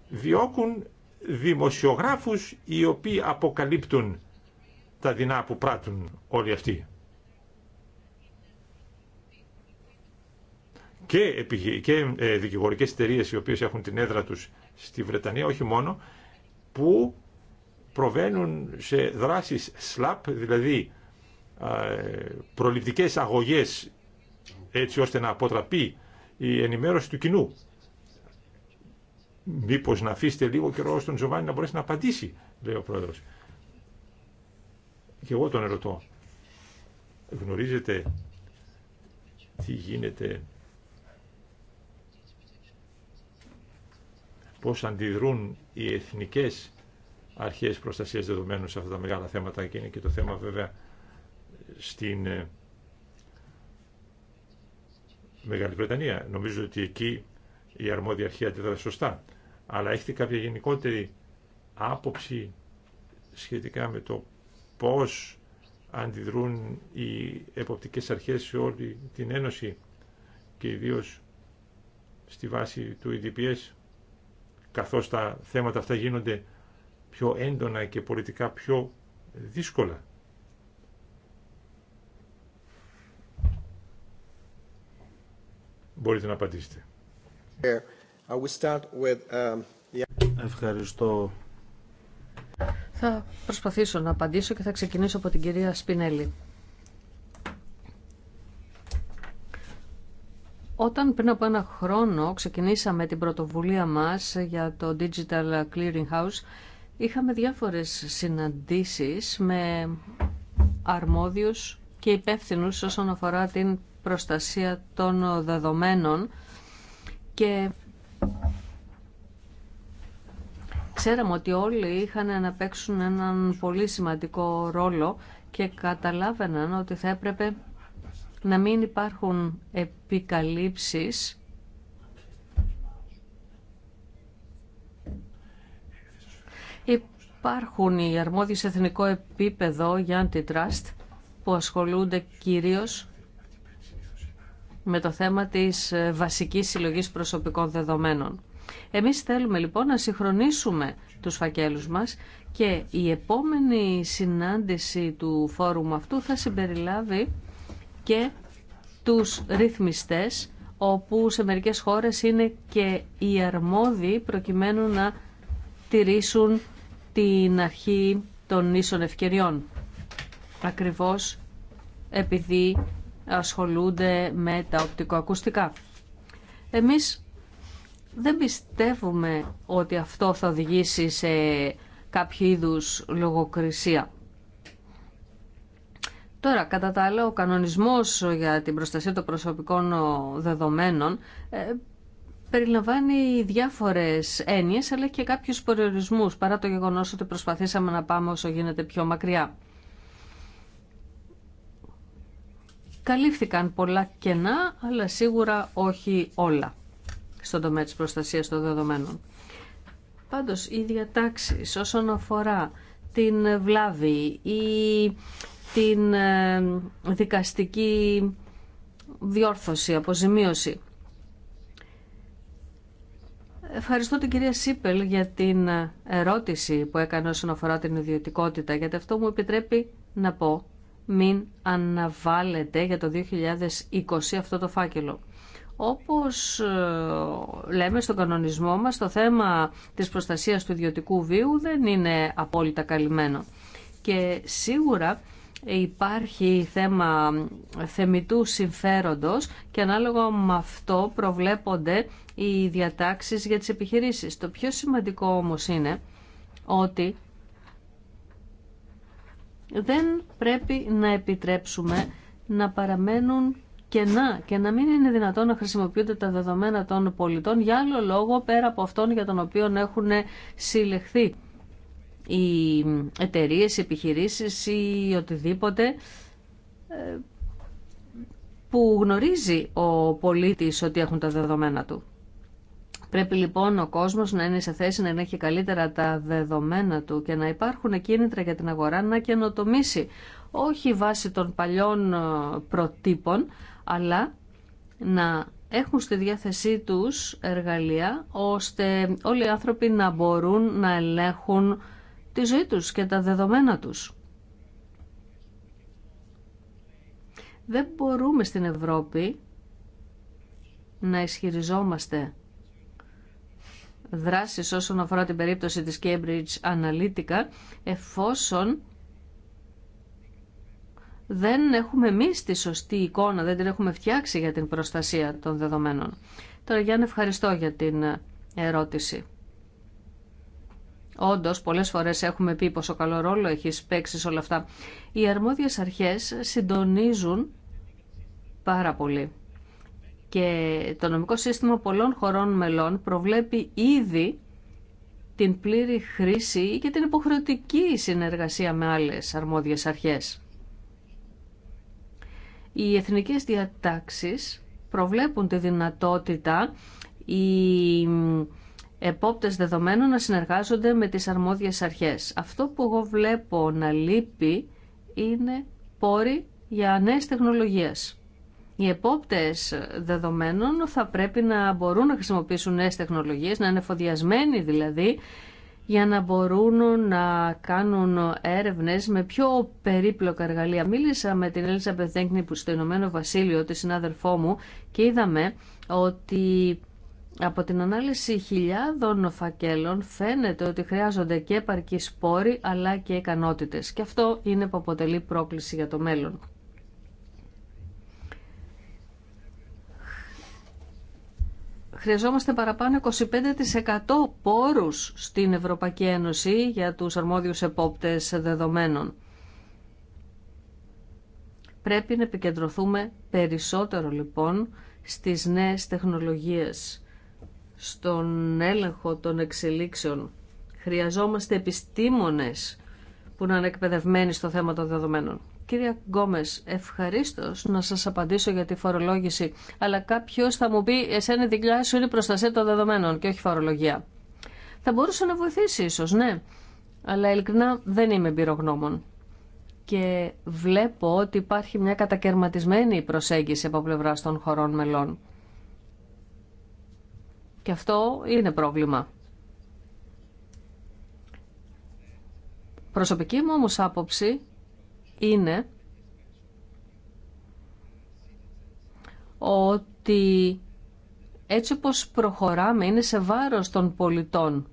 διώκουν δημοσιογράφους οι οποίοι αποκαλύπτουν τα δεινά που πράττουν όλοι αυτοί. Και, και ε, δικηγορικές εταιρείε οι οποίες έχουν την έδρα τους στη Βρετανία, όχι μόνο, που προβαίνουν σε δράσεις SLAP, δηλαδή ε, προληπτικές αγωγές έτσι ώστε να αποτραπεί η ενημέρωση του κοινού. Μήπως να αφήσετε λίγο καιρό στον Ζωβάνι να μπορέσει να απαντήσει, λέει ο πρόεδρος. Και εγώ τον ερωτώ. Γνωρίζετε τι γίνεται, πώς αντιδρούν οι εθνικές αρχές προστασίας δεδομένων σε αυτά τα μεγάλα θέματα και είναι και το θέμα βέβαια στην ε, Μεγάλη Βρετανία. Νομίζω ότι εκεί η αρμόδια αρχή αντιδρά σωστά. Αλλά έχετε κάποια γενικότερη άποψη σχετικά με το πώς αντιδρούν οι εποπτικές αρχές σε όλη την Ένωση και Ιδίω στη βάση του EDPS καθώς τα θέματα αυτά γίνονται πιο έντονα και πολιτικά πιο δύσκολα. μπορείτε να απαντήσετε. Um, Ευχαριστώ. Θα προσπαθήσω να απαντήσω και θα ξεκινήσω από την κυρία Σπινέλη. Όταν πριν από ένα χρόνο ξεκινήσαμε την πρωτοβουλία μας για το Digital Clearing House, είχαμε διάφορες συναντήσεις με αρμόδιους και υπεύθυνους όσον αφορά την προστασία των δεδομένων και ξέραμε ότι όλοι είχαν να παίξουν έναν πολύ σημαντικό ρόλο και καταλάβαιναν ότι θα έπρεπε να μην υπάρχουν επικαλύψεις Υπάρχουν οι αρμόδιοι εθνικό επίπεδο για αντιτράστ που ασχολούνται κυρίως με το θέμα της ε, βασικής συλλογής προσωπικών δεδομένων. Εμείς θέλουμε λοιπόν να συγχρονίσουμε τους φακέλους μας και η επόμενη συνάντηση του φόρουμ αυτού θα συμπεριλάβει και τους ρυθμιστές όπου σε μερικές χώρες είναι και οι αρμόδιοι προκειμένου να τηρήσουν την αρχή των ίσων ευκαιριών. Ακριβώς επειδή ασχολούνται με τα οπτικοακουστικά. Εμείς δεν πιστεύουμε ότι αυτό θα οδηγήσει σε κάποιο είδους λογοκρισία. Τώρα, κατά τα άλλα, ο κανονισμός για την προστασία των προσωπικών δεδομένων ε, περιλαμβάνει διάφορες έννοιες αλλά και κάποιους προορισμούς παρά το γεγονός ότι προσπαθήσαμε να πάμε όσο γίνεται πιο μακριά. Καλύφθηκαν πολλά κενά, αλλά σίγουρα όχι όλα στον τομέα της προστασίας των δεδομένων. Πάντως, οι διατάξεις όσον αφορά την βλάβη ή την ε, δικαστική διόρθωση, αποζημίωση. Ευχαριστώ την κυρία Σίπελ για την ερώτηση που έκανε όσον αφορά την ιδιωτικότητα, γιατί αυτό μου επιτρέπει να πω μην αναβάλλεται για το 2020 αυτό το φάκελο. Όπως ε, λέμε στον κανονισμό μας, το θέμα της προστασίας του ιδιωτικού βίου δεν είναι απόλυτα καλυμμένο. Και σίγουρα υπάρχει θέμα θεμητού συμφέροντος και ανάλογα με αυτό προβλέπονται οι διατάξεις για τις επιχειρήσεις. Το πιο σημαντικό όμως είναι ότι δεν πρέπει να επιτρέψουμε να παραμένουν κενά και να μην είναι δυνατόν να χρησιμοποιούνται τα δεδομένα των πολιτών για άλλο λόγο πέρα από αυτόν για τον οποίο έχουν συλλεχθεί οι εταιρείε, οι επιχειρήσεις ή οτιδήποτε ε, που γνωρίζει ο πολίτης ότι έχουν τα δεδομένα του. Πρέπει λοιπόν ο κόσμος να είναι σε θέση να έχει καλύτερα τα δεδομένα του και να υπάρχουν κίνητρα για την αγορά να καινοτομήσει. Όχι βάσει των παλιών ε, προτύπων, αλλά να έχουν στη διάθεσή τους εργαλεία ώστε όλοι οι άνθρωποι να μπορούν να ελέγχουν τη ζωή τους και τα δεδομένα τους. Δεν μπορούμε στην Ευρώπη να ισχυριζόμαστε δράσεις όσον αφορά την περίπτωση της Cambridge Analytica εφόσον δεν έχουμε εμεί τη σωστή εικόνα, δεν την έχουμε φτιάξει για την προστασία των δεδομένων. Τώρα Γιάννη ευχαριστώ για την ερώτηση. Όντω, πολλές φορές έχουμε πει πόσο καλό ρόλο έχει παίξει όλα αυτά. Οι αρμόδιες αρχές συντονίζουν πάρα πολύ. Και το νομικό σύστημα πολλών χωρών μελών προβλέπει ήδη την πλήρη χρήση και την υποχρεωτική συνεργασία με άλλες αρμόδιες αρχές. Οι εθνικές διατάξεις προβλέπουν τη δυνατότητα οι επόπτες δεδομένων να συνεργάζονται με τις αρμόδιες αρχές. Αυτό που εγώ βλέπω να λείπει είναι πόροι για νέες τεχνολογίες. Οι επόπτες δεδομένων θα πρέπει να μπορούν να χρησιμοποιήσουν νέες τεχνολογίες, να είναι φοδιασμένοι δηλαδή, για να μπορούν να κάνουν έρευνες με πιο περίπλοκα εργαλεία. Μίλησα με την Έλισσα Μπεθέγκνη που στο Ηνωμένο Βασίλειο, τη συνάδελφό μου, και είδαμε ότι από την ανάλυση χιλιάδων φακέλων φαίνεται ότι χρειάζονται και επαρκή σπόροι αλλά και ικανότητες. Και αυτό είναι που αποτελεί πρόκληση για το μέλλον. χρειαζόμαστε παραπάνω 25% πόρους στην Ευρωπαϊκή Ένωση για τους αρμόδιους επόπτες δεδομένων. Πρέπει να επικεντρωθούμε περισσότερο λοιπόν στις νέες τεχνολογίες, στον έλεγχο των εξελίξεων. Χρειαζόμαστε επιστήμονες που να είναι εκπαιδευμένοι στο θέμα των δεδομένων. Κύριε Γκόμες, ευχαρίστω να σας απαντήσω για τη φορολόγηση, αλλά κάποιο θα μου πει «Εσένα η δικιά σου είναι η προστασία των δεδομένων και όχι φορολογία». Θα μπορούσε να βοηθήσει ίσως, ναι, αλλά ειλικρινά δεν είμαι εμπειρογνώμων. Και βλέπω ότι υπάρχει μια κατακαιρματισμένη προσέγγιση από πλευρά των χωρών μελών. Και αυτό είναι πρόβλημα. Προσωπική μου όμως άποψη είναι ότι έτσι όπως προχωράμε είναι σε βάρος των πολιτών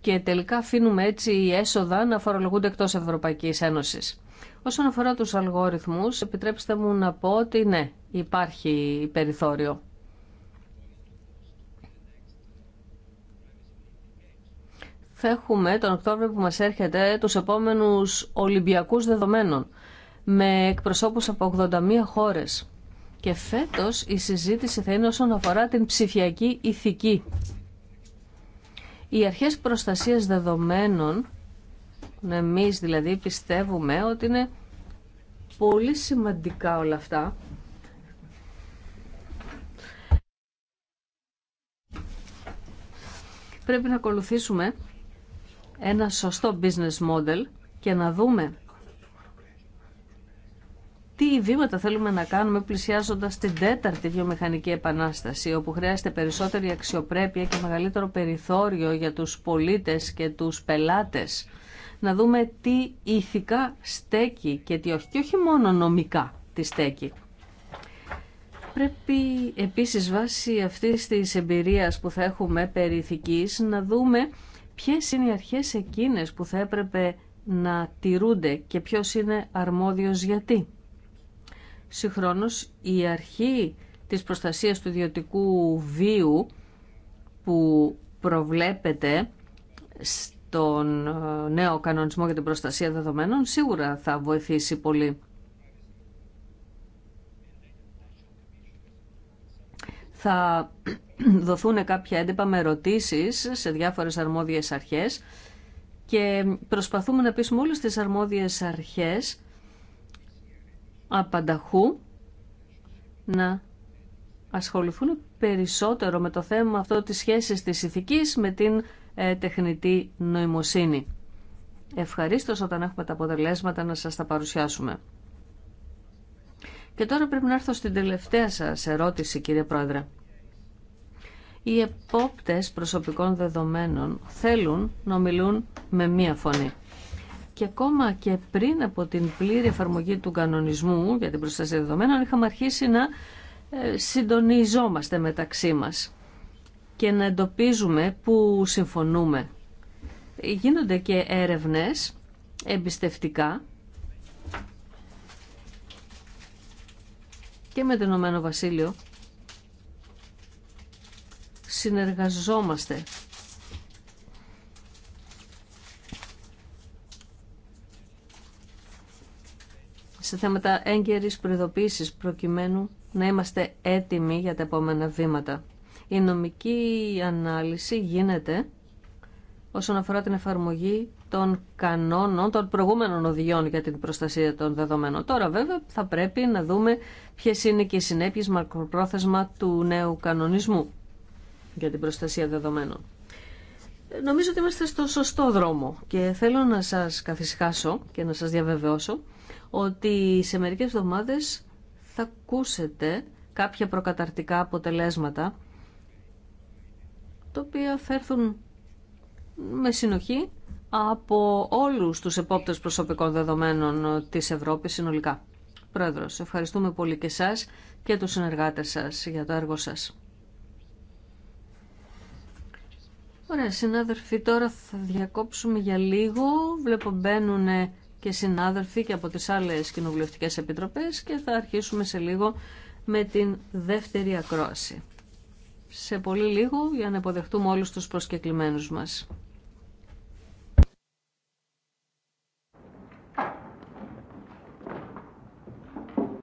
και τελικά αφήνουμε έτσι οι έσοδα να φορολογούνται εκτός Ευρωπαϊκής Ένωσης. Όσον αφορά τους αλγόριθμους, επιτρέψτε μου να πω ότι ναι, υπάρχει περιθώριο. θα έχουμε τον Οκτώβριο που μας έρχεται τους επόμενους Ολυμπιακούς δεδομένων με εκπροσώπους από 81 χώρες. Και φέτος η συζήτηση θα είναι όσον αφορά την ψηφιακή ηθική. Οι αρχές προστασίας δεδομένων, εμείς δηλαδή πιστεύουμε ότι είναι πολύ σημαντικά όλα αυτά, πρέπει να ακολουθήσουμε ένα σωστό business model και να δούμε τι βήματα θέλουμε να κάνουμε πλησιάζοντας την τέταρτη βιομηχανική επανάσταση, όπου χρειάζεται περισσότερη αξιοπρέπεια και μεγαλύτερο περιθώριο για τους πολίτες και τους πελάτες. Να δούμε τι ηθικά στέκει και τι όχι, και όχι μόνο νομικά τη στέκει. Πρέπει επίσης βάσει αυτής της εμπειρίας που θα έχουμε περί ηθικής, να δούμε ποιες είναι οι αρχές εκείνες που θα έπρεπε να τηρούνται και ποιος είναι αρμόδιος γιατί. Συγχρόνως η αρχή της προστασίας του ιδιωτικού βίου που προβλέπεται στον ε, νέο κανονισμό για την προστασία δεδομένων σίγουρα θα βοηθήσει πολύ. θα δοθούν κάποια έντυπα με ερωτήσει σε διάφορες αρμόδιες αρχές και προσπαθούμε να πείσουμε όλες τις αρμόδιες αρχές απανταχού να ασχοληθούν περισσότερο με το θέμα αυτό της σχέσης της ηθικής με την ε, τεχνητή νοημοσύνη. Ευχαριστώ όταν έχουμε τα αποτελέσματα να σας τα παρουσιάσουμε. Και τώρα πρέπει να έρθω στην τελευταία σας ερώτηση, κύριε Πρόεδρε οι επόπτες προσωπικών δεδομένων θέλουν να μιλούν με μία φωνή. Και ακόμα και πριν από την πλήρη εφαρμογή του κανονισμού για την προστασία δεδομένων είχαμε αρχίσει να ε, συντονιζόμαστε μεταξύ μας και να εντοπίζουμε που συμφωνούμε. Γίνονται και έρευνες εμπιστευτικά και με το Ηνωμένο Βασίλειο συνεργαζόμαστε. σε θέματα έγκαιρης προειδοποίησης προκειμένου να είμαστε έτοιμοι για τα επόμενα βήματα. Η νομική ανάλυση γίνεται όσον αφορά την εφαρμογή των κανόνων, των προηγούμενων οδηγιών για την προστασία των δεδομένων. Τώρα βέβαια θα πρέπει να δούμε ποιες είναι και οι συνέπειες μακροπρόθεσμα του νέου κανονισμού για την προστασία δεδομένων. Ε, νομίζω ότι είμαστε στο σωστό δρόμο και θέλω να σας καθισχάσω και να σας διαβεβαιώσω ότι σε μερικές εβδομάδες θα ακούσετε κάποια προκαταρτικά αποτελέσματα τα οποία θα έρθουν με συνοχή από όλους τους επόπτες προσωπικών δεδομένων της Ευρώπης συνολικά. Πρόεδρος, ευχαριστούμε πολύ και εσάς και τους συνεργάτες σας για το έργο σας. Ωραία, συνάδελφοι, τώρα θα διακόψουμε για λίγο. Βλέπω μπαίνουν και συνάδελφοι και από τις άλλες κοινοβουλευτικές επιτροπές και θα αρχίσουμε σε λίγο με την δεύτερη ακρόαση. Σε πολύ λίγο για να υποδεχτούμε όλους τους προσκεκλημένους μας.